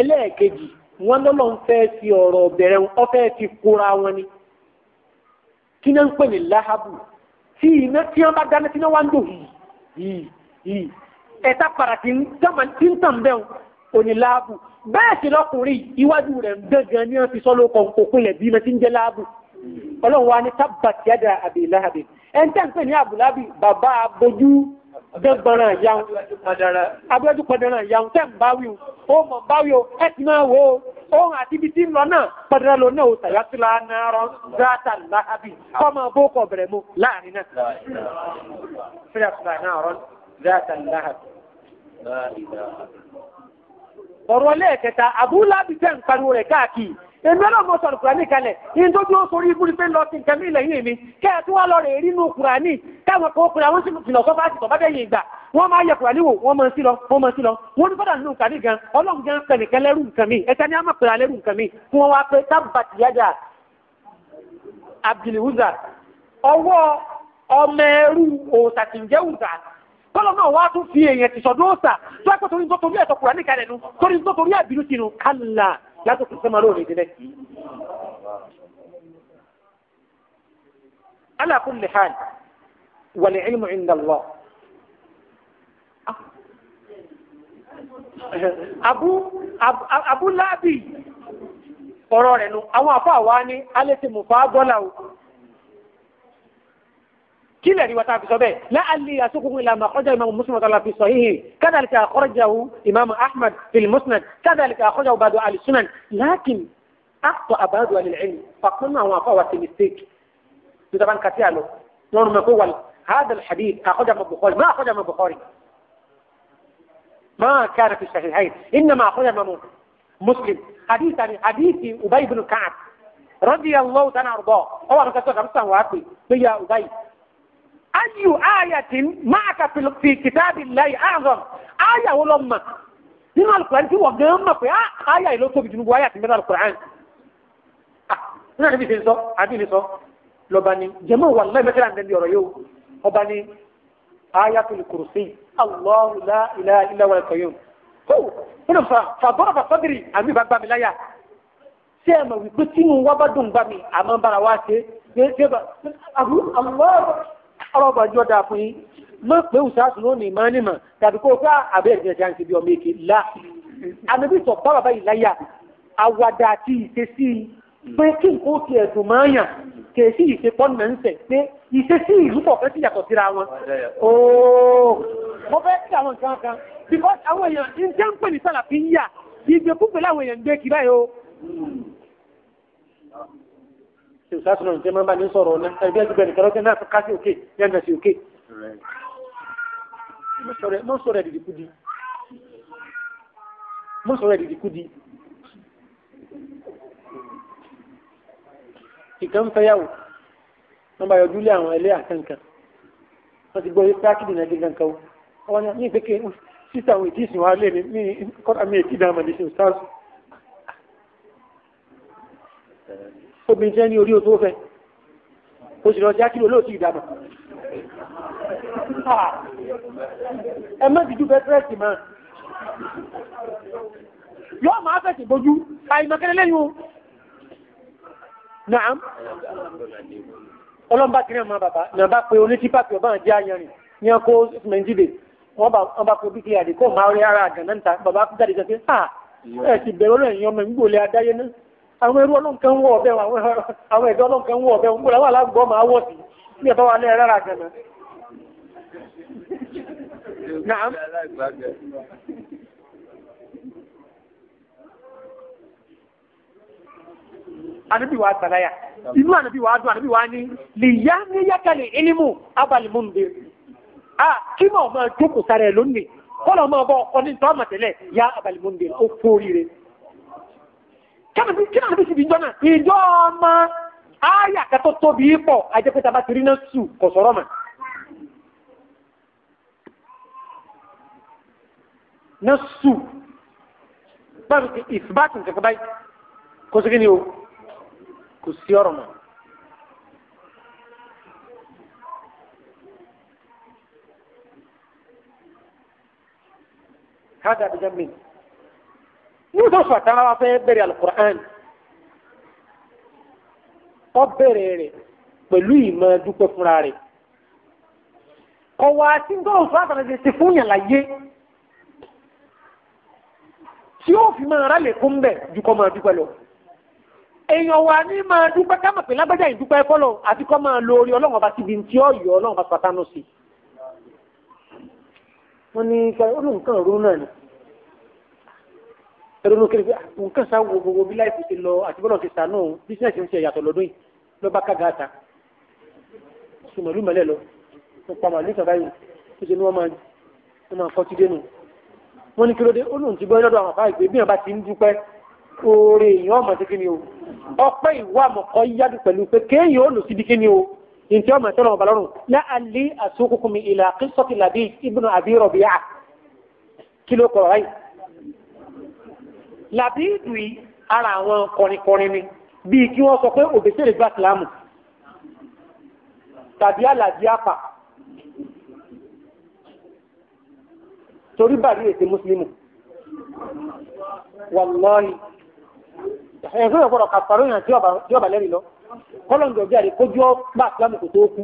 ẹlẹ́ẹ̀kejì wọn lọ́lọ́ ń fẹ́ fi ọ̀rọ̀ bẹ̀rẹ̀ wọn fẹ́ fi kóra wọn ni kí náà ń pè ní láhàbù tí iná tí wọn bá dáná tí wọn wá ń dò yìí yìí ẹ̀ta para ń tàn bẹ́ẹ̀ oní láàbù bẹ́ẹ̀ sí lọ́kùnrin iwájú rẹ̀ gangan ní wọ́n fi sọ́ lóko òpinlẹ̀ bí mo ti ń jẹ́ láàbù ọlọ́run wa ní tábàtì yàda àbí láàbì ẹni tẹ́ ń pè ní àbúlábì bàbá abojú gbẹ́gbọ́nrán ìyáhùn abẹ́jú pọ̀dọ̀rán ìyáhùn ọ̀rọ̀ lẹ́ẹ̀kẹta abúláàbí jẹ́ ń pariwo rẹ̀ káàkiri èmi ọlọ́mọ sọ̀rọ̀ kùránì kalẹ̀ yìí tó dúró sórí ibú ni pé lọ sí nǹkan mi lẹ́yìn mi kẹ́ẹ̀ tí wọ́n lọ rè rí inú kùránì káwọn kan kùránì wọ́n sì fìlọ̀ sọ́fà sí tọ́ bá dẹ̀ yìí gbà wọ́n máa yẹ kùránì wò wọ́n máa sí lọ wọ́n máa sí lọ wọ́n ní kọ́dà nínú kàní gan ọlọ́run gan pẹ̀lẹ́kẹ́ lẹ́rù nǹkan mi ẹ̀ka ni a máa pẹ̀lá nǹkan mi fún wọn wá pé tábàtì tọ́lọ́ náà wá tún fi èèyàn ti sọ̀dún ọ̀sà tó ẹ̀kọ́ torí tó torí ẹ̀tọ́ kùrà ní kalẹ̀ nu torí tó torí àbínú ti nu kálà látòkè sẹ́mọ́ lóòrè dẹ́dẹ́. ala kulli hal wal ilmu inda Allah. abu abu láàbì ọ̀rọ̀ rẹ̀ nu àwọn àfọ àwa ni alẹ́ ti mú fa bọ́là كلا روايات في صبي اللي يسوقه إلى ما خرج الإمام مسلم وطلع في صحيحه كذلك أخرجه إمام أحمد في المسند كذلك أخرجه بعض أهل السنن لكن أخطأ بعض أهل العلم فقلنا هو فهو ميستيك طبعا كثير له نور مقول هذا الحديث أخرجه من البخاري ما أخرجه من البخاري ما كان في الصحيحين إنما أخرجه من مسلم حديث عن حديث أبي بن كعب رضي الله تعالى عنه أرضاه هو الله كنت أقول يا أبي ayu ayatin máa ka fi kìtàbí láyé ààrùn aya wo lọ mà nínú alukurani tí wọ́n gan mọ̀ pé aya yìí ló tóbi jù níbo aya ti mẹ́ta alukurani. nínú àti bí ṣe ń sọ àbí ní sọ lọ́ba ni jẹ́mọ̀ wà lọ́yìn mẹ́tẹ́lá ní ọ̀rọ̀ yóò ọba ni ayatul kursi Allahu la ilaha illa huwal qayyum. tó nínú fa fàbọ́rọ̀ fàfọ́bìrì àmì bá gbà mí láyà tí ẹ mọ̀ wípé tí mo wá bá dùn gbà mí àmọ́ bára wá ṣe é ṣe é àbúrò àwọn ọ̀rọ̀ ọlọ́bà jọ dáa fún yín mọ́ pé òṣàṣù lónìí máa nímọ̀ tàbí kó fẹ́ àbẹ́ ìjìnlẹ̀ tí a ń ṣe bí ọmọ èké lá àmì sọ bá bàbá ìláyà àwàdà àti ìṣesí pé kí nǹkan ó ti ẹ̀dùn máa yàn kèé sí ìṣe pọ́nmà ń sẹ̀ pé ìṣesí ìlú pọ̀ fẹ́ sí yàtọ̀ síra wọn ooo mo fẹ́ sí àwọn nǹkan kan because àwọn èèyàn ń jẹ́ ń pè ní sàlàfíà ìgbèkúgbè láwọn èèyàn ń gbé kí ìsásùnà ní tẹ́mọ́ bá ní sọ̀rọ̀ ọ̀nà ẹgbẹ́ ẹgbẹ́ nìkan lọ́kẹ́ náà ká sí òkè yẹn sí òkè. mọ́ sọ̀rọ̀ ẹ̀dìdì kú di mọ́ sọ̀rọ̀ ẹ̀dìdì kú di. ìkan ń fẹ́yàwó wọ́n bá yọjú lé àwọn ẹlẹ́yà kankan wọ́n ti gbọ́ yí pákìdì náà dé kankan wọ́n ní ìpèkè sísà àwọn ìdí ìsìn wa lé mi kọ́ta mi èkìdá àmàlẹ́sìn ìsásùn obìnrin jẹ́ ní orí o tó fẹ́ o sì lọ já kí olóòtú ìdámà ẹ mọ́ ìdíjú bẹ́ tẹ́ẹ̀sì máa yóò máa fẹ̀sì bójú àìmọ̀kẹ́lẹ́ lẹ́yìn o náà ọlọ́mbà kìrì àmà bàbá náà bá pé onítìpá pé ọba àjẹ́ àyàrin ní ọkọ̀ mẹ́jìdè wọ́n bá pé bíkì àdìkọ́ máa rí ara àgànnáta bàbá jáde jẹ́ pé ẹ̀ ti bẹ̀rẹ̀ ọlọ́yìn ọmọ ìgbòlẹ̀ adáyé náà àwọn ẹrú ọlọ́nkan wọ̀ ọ̀bẹ àwọn ẹ̀dọ́ ọlọ́nkan wọ̀ ọ̀bẹ gbọ́dọ̀ wà lágbọ́ máa wọ̀ sí ní ẹ̀tọ́ wa ní ẹ̀rẹ́ rà gànà. A kí mọ̀ ọmọ kọ́lọ̀ ọmọ ní yá ó rẹ̀. kí náà bíi ìjọ náà ìjọ ọmọ ayà kẹtọ tóbi pọ̀ ajẹ́pẹ́ta bá ti rí náà sù kò sọ̀rọ̀ mà. náà sù báwo ti ìfibáàtì báyìí kò sí kí ni o kò sí ọ̀rọ̀ mọ́. هذا بجنب nígbà tó sọ̀tà wa fẹ́ bẹ̀rẹ̀ alukur'an ọ bẹ̀rẹ̀ rẹ̀ pẹ̀lú ìmọ̀ dúpẹ́ fúnra rẹ̀ ọ̀wà àti nígbà tó sọ̀tà rẹ̀ ti fún yàn láyé tí ó fi máa rálẹ̀ kún bẹ̀ ju kọ́ máa dúpẹ́ lọ. èèyàn wà ní máa dúpẹ́ ká mọ̀ pé lágbájá ìdúpẹ́ fọ́lọ̀ àti kọ́ máa lo orí ọlọ́run ọba síbi tí ó yọ ọlọ́run ọba pátánù sí. wọ́n ní olùkọ́ ìrú náà ni ẹ̀rọ ló kéré pé nǹkan ah, sá wo gbogbo bí láìpẹ́ ti lọ àti bọ́lọ̀ ti sànú bísíǹsì ń ṣe ìyàtọ̀ lọ́dún yìí ló bá kága ta sùmọ̀lú mọ́lẹ̀ lọ nípa màálù ìtàn báyìí tó ṣe ni wọ́n máa wọ́n máa fọ́tí dénú. wọ́n ní kí ló dé ó lóun ti gbọ́ lọ́dọ̀ àwọn àfáà ìgbé bí wọ́n bá ti ń dúpẹ́ oore èèyàn ọmọ sí kí ni o ọpẹ́ ìwà àmọ̀kọ́ yádùn pẹ̀lú pé kéèyàn ó lò síbi kí ni o nti ọmọ ẹtọ lọmọ balọrun láàlí àsokùnkùn mi ìlà kí sọkìlà bíi ibùnà àbí rọbìà kí ló kọrọ báyìí làbídù yìí ara àwọn kọrinkọrin ni bíi kí wọ́n sọ pé òbèsèrè gba ìsìlámù tàbí àlàjì àpà torí bàrí ètè mùsùlùmù wàlọ́ọ̀lì ẹ̀sùn ìgbọ́dọ̀ kàfàrọ̀ yàn tí ọba lẹ́rìí lọ kọ́lọ̀ ń jọ bí àdé kójú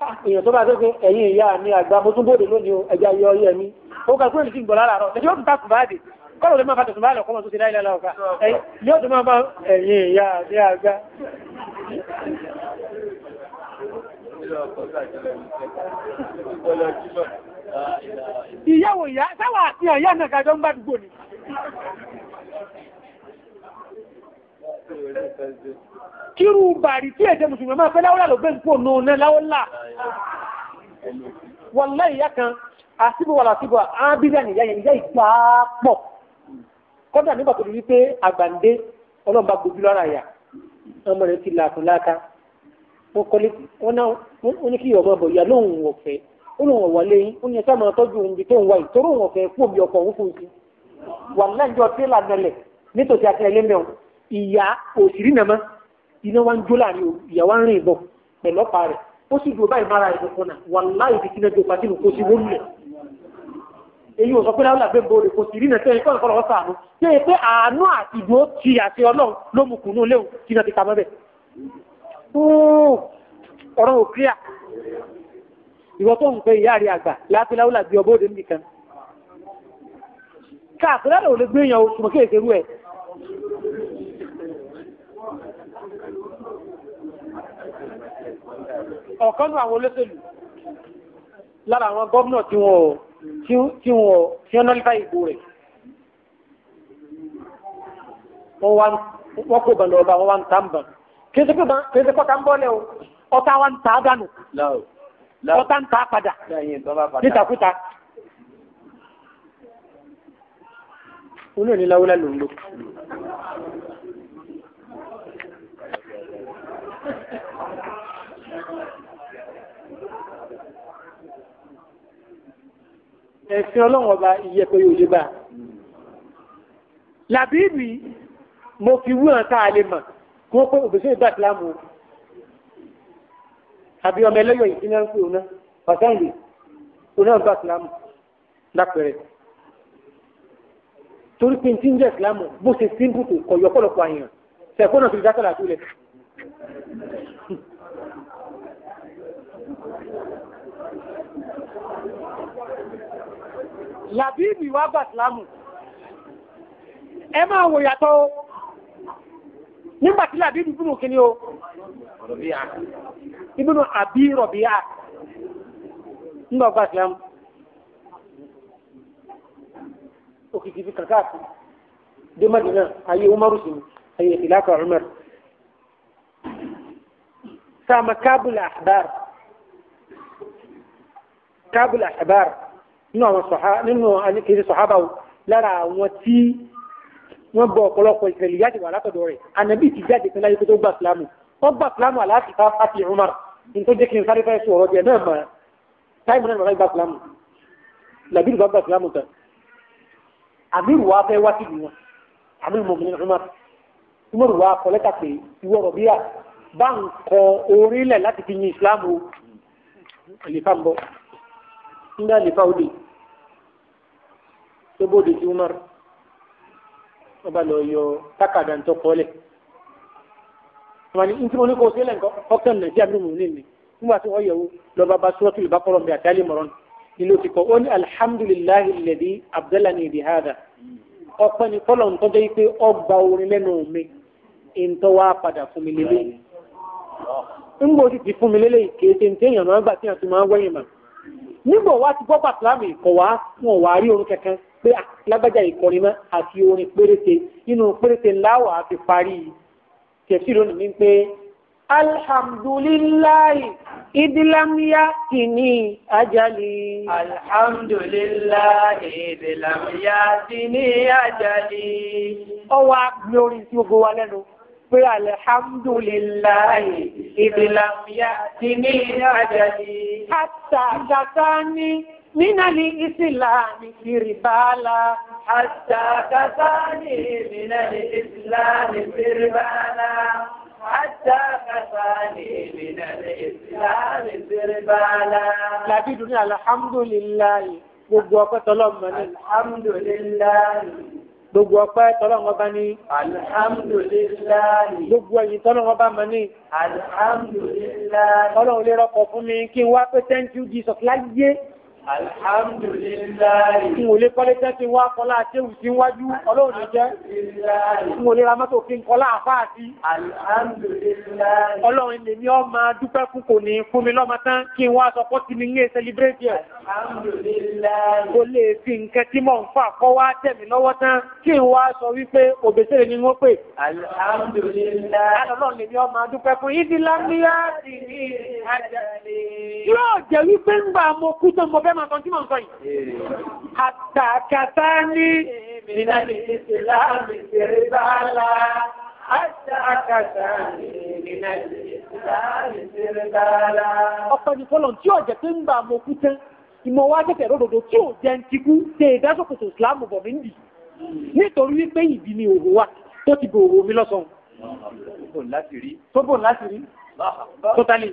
Ah, èèyàn tó bá tó pé ẹ̀yìn ìyá mi àgbà mo tún bóde lónìí o ẹja yọ ọyẹ mi ó kà kúrò nìkí gbọ̀lá àrọ̀ ẹjọ́ tó tàkùn bá dé kọ́lọ̀ lè máa fàtẹ̀sùn bá lọ́kọ́ tó ti láìlá lọ́ọ̀ká yóò tó máa bá ẹ̀yìn ìyá mi àgbà ìyàwó ìyá sáwà àti ìyá náà kájọ ń gbádùgbò kírù bàrí tí èdè mùsùlùmí máa fẹ́ láwọ́lá ló gbé ń pò náà náà láwọ́lá wọ́lá ìyá kan àsìbò wà lásìbò ábílẹ̀ nìyá yẹn ìyá ìgbà pọ̀ kọ́dà nígbà tó rí pé àgbàǹdé ọlọ́mọba gbòjú lára yà ọmọ rẹ̀ ti làkùn láka wọ́n kọ́lé wọ́n ní kí ọmọ bọ̀ ìyá lóhùn ọ̀fẹ́ ó lóhùn ọ̀wọ́lé yín ó ní ẹ̀sẹ̀ máa tọ́jú ohun tó ń wá ìtọ́rọ̀ ọ̀fẹ́ fún omi ọkọ̀ òun fún un sí wàlá ìjọ tẹ́lá nẹlẹ̀ nítòsí akẹ́lẹ́ ìyá òsìrí nàmá iná wa ń jó láàrin ìyá wa ń rìn bọ̀ pẹ̀lú ọ̀pá rẹ̀ ó sì dùn báyìí mára ìlú kan náà wà láì fi kíná jọba sínú kó sí wọ́n lẹ̀. èyí ò sọ pé láwọn làgbé bòrè kò sì rí nàá tẹ́yìn kọ́nà kọ́nà ọ̀sán àánú ṣé pé àánú àti ìdúró ti àti ọlọ́run ló mú kùnú léwu kí náà ti ka mọ́bẹ̀. ọ̀rọ̀ ò kíríà ìwọ tó ń pe ìyá rẹ̀ àgbà láti láwọn làgbé ọbọ̀dé nìkan. káàkiri àlọ́ ò lè gbé èèyàn oṣù mọ́ kéèké rú ọ̀kan nù àwọn olóṣèlú lára àwọn gómìnà tí wọ́n tí wọ́n tí wọ́n nọ́lífà ìbò rẹ̀ wọ́n kó bàlọ́ ọba wọ́n wá ń ta ń bà kí ṣe kọ́ta ń bọ́lẹ̀ o ọta wa ń ta á dànù ọta ló ń ẹ̀sìn ọlọ́run ọba ìyẹ́pẹ́ yóò lè bá a. làbíbì mo fi wú hàn tá a lè mà kí wọ́n pé òbíṣẹ́ ìgbà ìsìlámù àbí ọmọ ẹlẹ́yọ̀ yìí ní ẹ̀ńkú òun ọ̀sán yìí òun náà gba ìsìlámù lápẹ̀rẹ̀. torí pé tí ń jẹ́ ìsìlámù bó ṣe símbùtò kọ̀yọ́kọ̀lọ̀kọ̀ àyàn ṣẹ̀kọ́ làbíbì wá bà sílámù ẹ máa wò yàtọ̀ o nígbàtí làbíbì bínú kíní o ibùnú àbí rọ̀bíà ńlọ bà sílámù òkìkì fi kàkà sí dé Mádínà ayé umaru sí ayé ìlàkà umar sáàmà kábùlà àbár kábùlà àbár nínú àwọn sọ̀há nínú kìí sọ̀hábà lára àwọn tí wọ́n gbọ́ ọ̀pọ̀lọpọ̀ ìsẹ̀lẹ̀ yáàdì wà látọ̀dọ̀ rẹ̀ ànàbí ti jáde fún láyé tó gbà sílámù ó gbà sílámù aláàfin ká àti Umar ní tó jẹ́ kí n sáré fẹ́ sọ ọ̀rọ̀ díẹ̀ náà mọ̀ táìmù náà gbà sílámù làbílù bá gbà sílámù tán àmìrù wa fẹ́ wá síbi wọn àmìrù nígbà lè fáwọlì tó bóde tí Umar wọn bá lọ yọ tákàdá ń tọkọ lẹ wọn ni ntí mo ní kó sílẹ̀ nǹkan ọ̀kan nàìjíríà ló mú nílùú nígbà tí wọ́n yẹ̀wò lọ́ba bá sọ́ọ́tù ìbákọ́rọ̀ bí àtàlẹ́ mọ̀rán nínú ti kọ́ ó ní alhamdulillahi alladhi abdalani bi hada ọpẹ́ ni kọ́lọ̀ ń tọ́jọ́ yìí pé ọgbà orin lẹ́nu mi ìntọ́ wa padà fún mi lélẹ́yìn. ń gbòó ti fún mi lélẹ́yìn kì ní téèyàn máa gbà téèyàn tó máa wẹ́yìn màá nígbà wá ti gbọ́ pàtàkì ìkọ̀ wá wọn wà rí orin kankan pé ah, lágbájá ìkọrin mọ́ àti orin péréte nínú péréte láwà ti parí tẹ̀sí lónìí ní pé alhamdulillahi idilamiya tini ajali. alhamdulillahi idilamiya tini ajali. ọwọ́ agbórin tí ó gbowó lẹ́nu pé alhamdulillahi ìdìlàmìyà ti ní àjàdì. Àtàgàtà ní mínàlì ìsìláàmì kìrìbálà. Àtàgàtà ní mínàlì ìsìláàmì kìrìbálà. Àtà kàfàní mínàlì ìsìláàmì kìrìbálà. Làbí dùn ní alhamdulillahi gbogbo ọpẹ́ ní. Alhamdulillahi. Gbogbo ọpẹ́ tọ́lọ́wọ́ bá ní. Alhamdulillahi. Gbogbo ẹ̀yìn tọ́lọ́wọ́ bá mọ̀ ní. Alhamdulillahi. Tọ́lọ́wọ́ lè rọ́pọ̀ fún mi kí n wá pé thank you Jesus láyé. Alhamdulillah. Mo lè kọ́lé tẹ́ ti wá kọlá jẹ́wù sí wájú ọlọ́run jẹ́. Mo lè ra mọ́tò kí n kọlá Alhamdulillah. sí. Alhamdulillahi. Ọlọ́run lè ní ọmọ dúpẹ́ fún kò ní fún mi lọ́mọ tán kí n wá sọ pọ́ ti ní ní celebrate ẹ̀. Alhamdulillahi. Mo lè fi nǹkan tí mò ń fà kọ́ wá tẹ̀ mí lọ́wọ́ tán kí n wá sọ wípé òbèsèrè ni wọ́n pè. Alhamdulillahi. Ọlọ́run lè ní ọmọ dúpẹ́ fún ìdílámíyá. Yóò jẹ́ wípé ń gbà mo kú tó mo fẹ́ máa kọ́ tí mò ń sọ yìí. Eh. Àtàkàtà ní ìlànà ìsìláàmù ìṣẹ̀rẹ̀bàlá. Àtàkàtà ní ìlànà ìsìláàmù ìṣẹ̀rẹ̀bàlá. Ọ̀pọ̀ ni fọlọ̀ tí ọ̀jẹ̀ pé ń bà mọ kú tán, ìmọ̀ wa jẹ́kẹ̀ ròdòdó tí ò jẹ́ ń ti kú ṣe ìdásòkòtò ìsìláàmù bọ̀ mí ń dì. Nítorí wípé ìbí ni òwò wa tó ti bò òwò mi lọ́sàn-án. Tó bò láti rí. Tó bò láti rí. Tó tálẹ̀.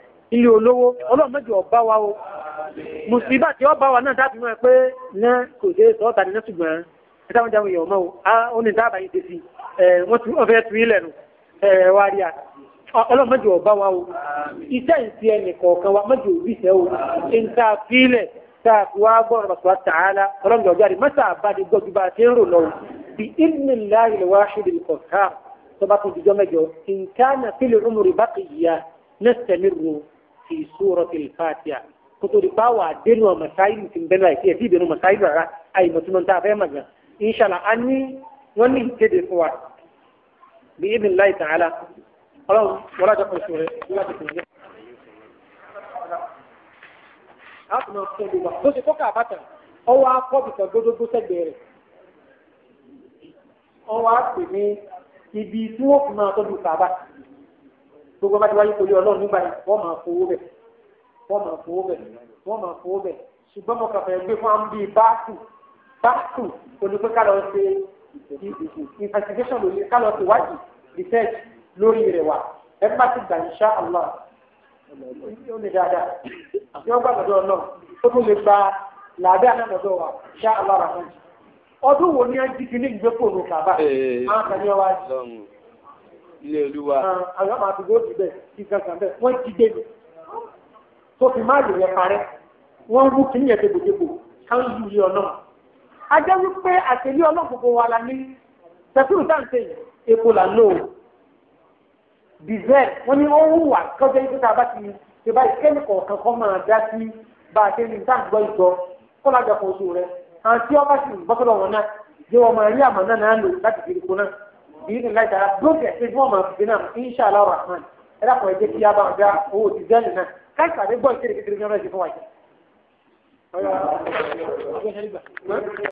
ilé olówó ọlọ́mọdé ọba wa o mùsùlùmí àti ọba wa náà dábìí wọn pé náà kò dé sọ́ọ̀tà ní ṣùgbọ́n ẹ̀dá wọn jáwé èèyàn mọ́ o ó ní dáàbà yìí tẹ̀sí wọ́n ti ọ̀fẹ́ tu ilẹ̀ nù wá rí a ọlọ́mọdé ọba wa o iṣẹ́ ìsí ẹnì kọ̀ọ̀kan wa mọ́jọ òbí sẹ́ o ń ta fílẹ̀ tá a fi wá gbọ́n ọ̀rọ̀ sọ́ọ́ tààlà ọlọ́mọdé ọjọ́ في سورة الفاتحة كتوري باوا دينو مسائل في بنو اي في دينو مسائل را اي متمن تافه مجا ان شاء الله اني وني كده فوا باذن الله تعالى خلاص ولا تقل سوره ولا تقل أكمل سبب بس فوق أبتر أو أقوى بتجدد بسبب أو أقوى من ibi tí wọ́n fi máa tọ́jú kàbá gbogbo bá ti wáyé kò lé ọlọ́run nígbà yẹn wọ́n máa fowó bẹ̀ wọ́n máa fowó bẹ̀ wọ́n máa fowó bẹ̀ ṣùgbọ́n mo kàn fẹ́ gbé fún àwọn bíi báàkù báàkù onípe ká lọ ṣe investigation lórí ká ṣe wájú research lórí rẹ̀ wá ẹ bá ti gbà insha Allah ó lè dáadáa yóò gbà lọ́dọ̀ ọlọ́run ó tún lè gba làbẹ́ àtàlọ́dọ̀ wa insha Allah rà fún ọdún wo ni a jí kí ní ìgbépò ló àwọn kan ní ọwájú ilé olúwa. Ah, àwọn máa fi góòtù bẹ́ẹ̀ kí gàgà bẹ́ẹ̀ wọ́n ti dé mi tó fi má lè yẹ parẹ́ wọ́n wú kí nìyẹn dégbòdégbò káwọn yìí yé ọ̀nà. a jẹ́ wípé àtẹ̀lé ọlọ́ gbogbo wa la ní pẹ̀tùrù táǹtẹ̀ epo là ń lò ó. bizẹ́ wọ́n ní wọ́n wùwà kọjá ibi tá a bá ti ṣe báyìí kẹ́míkọ̀ kankan máa dá sí bá a ṣe ní táǹgbọ́ ìgbọ́ kọ́lá jọ kan oṣù rẹ̀ àti ọba sì bọ́sọ̀rọ̀ wọn náà jẹ́ wọn máa rí àmọ́ náà náà lò láti fi bíi nílá ìtara lókè ẹsẹ fún ọmọ bínà insha Allah rahman ẹ dàpọ̀ ẹ jẹ́ kí yaba ọ̀gá owó ti dẹ́nu náà káàkiri àdégbọ́n kékeré kékeré ní ọ̀rọ̀ ìṣẹ̀fún wáyé.